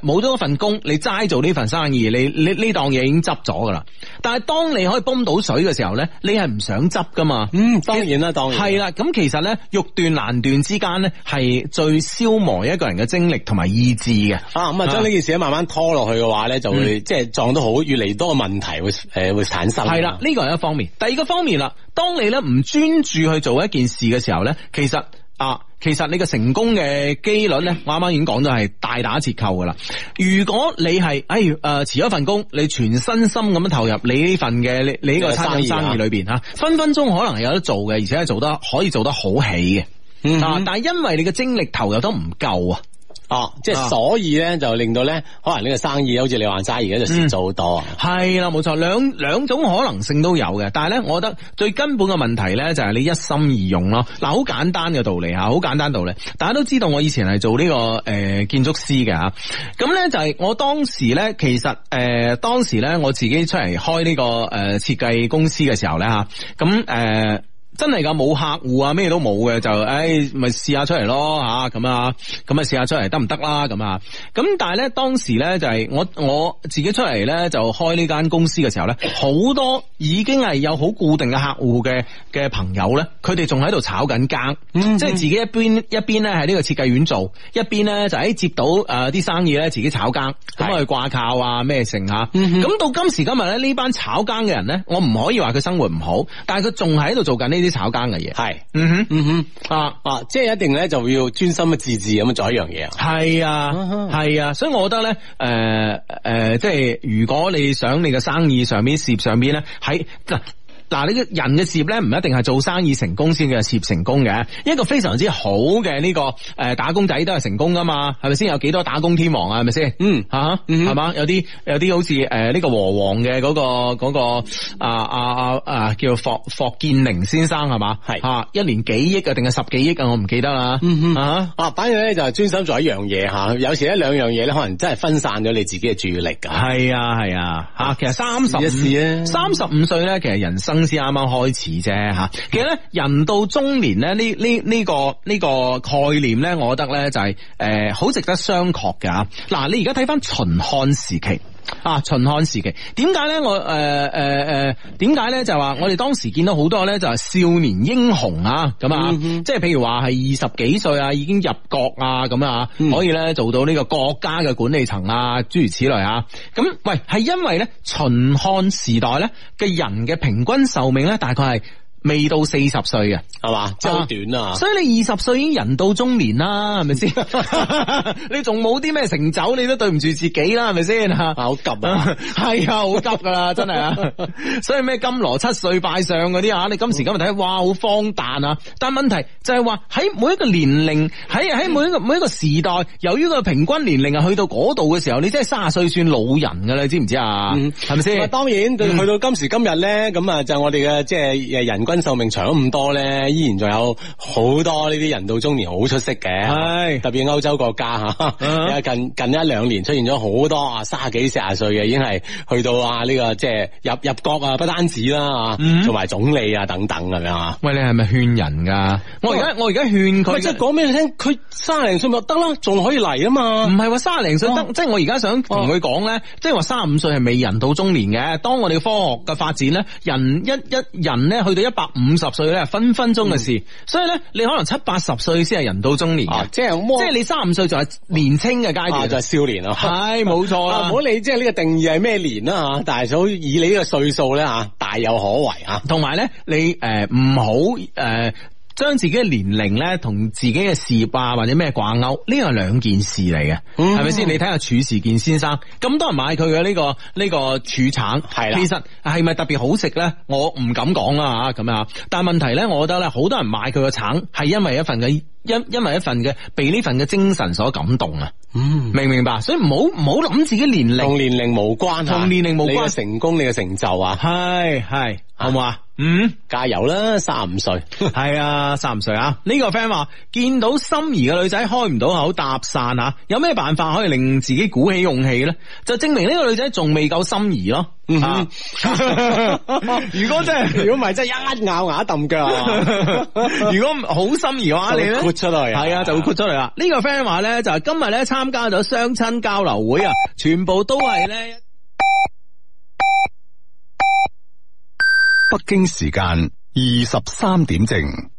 冇咗一份工，你齋做呢份生意，你你呢檔嘢，已經執咗噶啦。但係當你可以泵到水嘅時候咧，你係唔想執噶嘛？嗯，當然啦、嗯，當然係啦。咁其實咧，欲斷難斷之間咧，係最消磨一個人嘅精力同埋意志嘅。啊、咁、嗯、啊、將、嗯、呢件事慢慢拖落去嘅話咧，就會、嗯、即係撞得好越嚟多問題會誒、呃、會產生。係啦，呢個係一方面，第二個方面啦。當你咧唔專注去做一件事嘅時候咧，其實啊，其實你嘅成功嘅機率咧，我啱啱已經講到係大打折扣噶啦。如果你係，誒、哎，誒、呃，辭咗份工，你全身心咁樣投入你呢份嘅你你個餐飲生意裏邊吓、啊啊，分分鐘可能係有得做嘅，而且係做得可以做得好起嘅。、嗯。啊，但係因為你嘅精力投入得唔夠啊。哦，即係所以咧，就令到咧，可能呢個生意，啊、好似你話齋，而家就少咗好多啊、嗯。係啦，冇錯，兩兩種可能性都有嘅，但係咧，我覺得最根本嘅問題咧，就係你一心二用咯。嗱，好簡單嘅道理啊，好簡單的道理，大家都知道，我以前係做呢、呢個誒、呃、建築師嘅啊。咁咧就係我當時咧，其實誒、呃、當時咧，我自己出嚟開呢個誒設計公司嘅時候咧吓，咁、啊、誒。呃真係噶冇客戶、哎、啊，咩都冇嘅就，誒，咪試下出嚟咯吓，咁啊，咁啊試下出嚟得唔得啦咁啊，咁、啊啊啊啊啊、但係咧當時咧就係、是、我我自己出嚟咧就開呢間公司嘅時候咧，好多已經係有好固定嘅客戶嘅嘅朋友咧，佢哋仲喺度炒緊更、嗯，即係自己一邊一邊咧喺呢個設計院做，一邊咧就喺接到誒啲、呃、生意咧自己炒更，咁去掛靠啊咩剩吓，咁、嗯、到今時今日咧呢班炒更嘅人咧，我唔可以話佢生活唔好，但係佢仲係喺度做緊呢啲。啲炒更嘅嘢係，嗯哼，嗯哼，啊啊，即係一定咧就要專心啊，自治咁樣做一樣嘢啊，係啊，係啊，啊，所以我覺得咧，誒、呃、誒、呃，即係如果你想你嘅生意上邊、事業上邊咧，喺。啊嗱呢個人嘅事業咧，唔一定係做生意成功先嘅事業成功嘅，一個非常之好嘅呢個誒打工仔都係成功噶嘛，係咪先有幾多打工天王啊，係咪先？嗯啊，係嘛？有啲有啲好似誒呢個和王嘅嗰個嗰個啊啊啊啊叫霍霍建寧先生係嘛？係啊，一年幾億啊，定係十幾億啊？我唔記得啦。嗯啊反正咧就係專心做一樣嘢吓，有時一兩樣嘢咧，可能真係分散咗你自己嘅注意力噶。係啊係啊吓，其實三十五歲三十五歲咧，其實人生。公司啱啱開始啫，吓，其實咧人到中年咧呢呢呢個呢個概念咧，我覺得咧就係誒好值得商榷噶。嗱、啊，你而家睇翻秦漢時期。啊！秦漢時期點解呢？我誒誒誒，點、呃、解、呃、呢？就話、是、我哋當時見到好多呢，就係少年英雄啊，咁啊，即、嗯、係、嗯、譬如話係二十幾歲啊，已經入國啊，咁啊，可以呢做到呢個國家嘅管理層啊，諸如此類啊。咁喂，係因為呢秦漢時代呢嘅人嘅平均壽命呢，大概係。未到四十歲嘅，係嘛？周短啊，啊，所以你二十歲已經人到中年啦，係咪先？ 你仲冇啲咩成就，你都對唔住自己啦，係咪先？ 好急啊，係啊，好、啊、急噶啦，真係啊！ 所以咩金羅七歲拜相嗰啲啊，你今時今日睇哇，好荒誕啊！但問題就係話喺每一個年齡，喺喺每一個、嗯、每一個時代，由於個平均年齡啊，去到嗰度嘅時候，你即係三十歲算老人噶啦，你知唔知啊？係咪先？當然，去到今時今日咧，咁、嗯、啊就我哋嘅即係人均。壽命長咗咁多咧，依然仲有好多呢啲人到中年好出色嘅，係特別歐洲國家吓。而、啊、家近近一兩年出現咗好多啊，卅幾四十歲嘅已經係去到啊、這、呢個即係入入閣啊，不單止啦啊、嗯，做埋總理啊等等咁樣啊。喂，你係咪勸人噶？我而家我而家勸佢，即係講俾你聽，佢卅零歲咪得啦，仲可以嚟啊嘛。唔係話卅零歲得，即係我而家想同佢講咧，即係話卅五歲係未人到中年嘅。當我哋科學嘅發展咧，人一一人咧去到一。百五十歲咧，分分鐘嘅事、嗯。所以咧，你可能七八十歲先係人到中年嘅、啊。即係即係你三十五歲就係年青嘅階段，啊、就係、是、少年咯。係冇錯啦。唔好你即係呢個定義係咩年啊？吓。大嫂以你呢個歲數咧吓，大有可為啊。同埋咧，你誒唔好誒。將自己嘅年齡咧同自己嘅事業啊或者咩掛鈎，呢個係兩件事嚟嘅，係咪先？你睇下褚時健先生咁多人買佢嘅呢個呢個褚橙，係啦，其實係咪特別好食咧？我唔敢講啦吓咁啊！但係問題咧，我覺得咧，好多人買佢個橙，係因為一份嘅因為一份嘅被呢份嘅精神所感動啊、嗯！明唔明白？所以唔好唔好諗自己年齡，同年齡無關啊！同年齡無關你嘅成功，你嘅成就啊！係係好唔好啊？嗯，加油啦！三五歲係 啊，三五歲啊。呢、這個 friend 話見到心儀嘅女仔開唔到口，搭訕啊，有咩辦法可以令自己鼓起勇氣咧？就證明呢個女仔仲未夠心儀咯、啊。嗯，啊、 如果真係 如果唔係真係一咬牙揼腳。如果好心儀嘅話， 你咧豁出嚟，係啊，就會豁出嚟啦。 個呢個 friend 話咧就係、是、今日咧參加咗相親交流會啊，全部都係咧。北京時間二十三點正。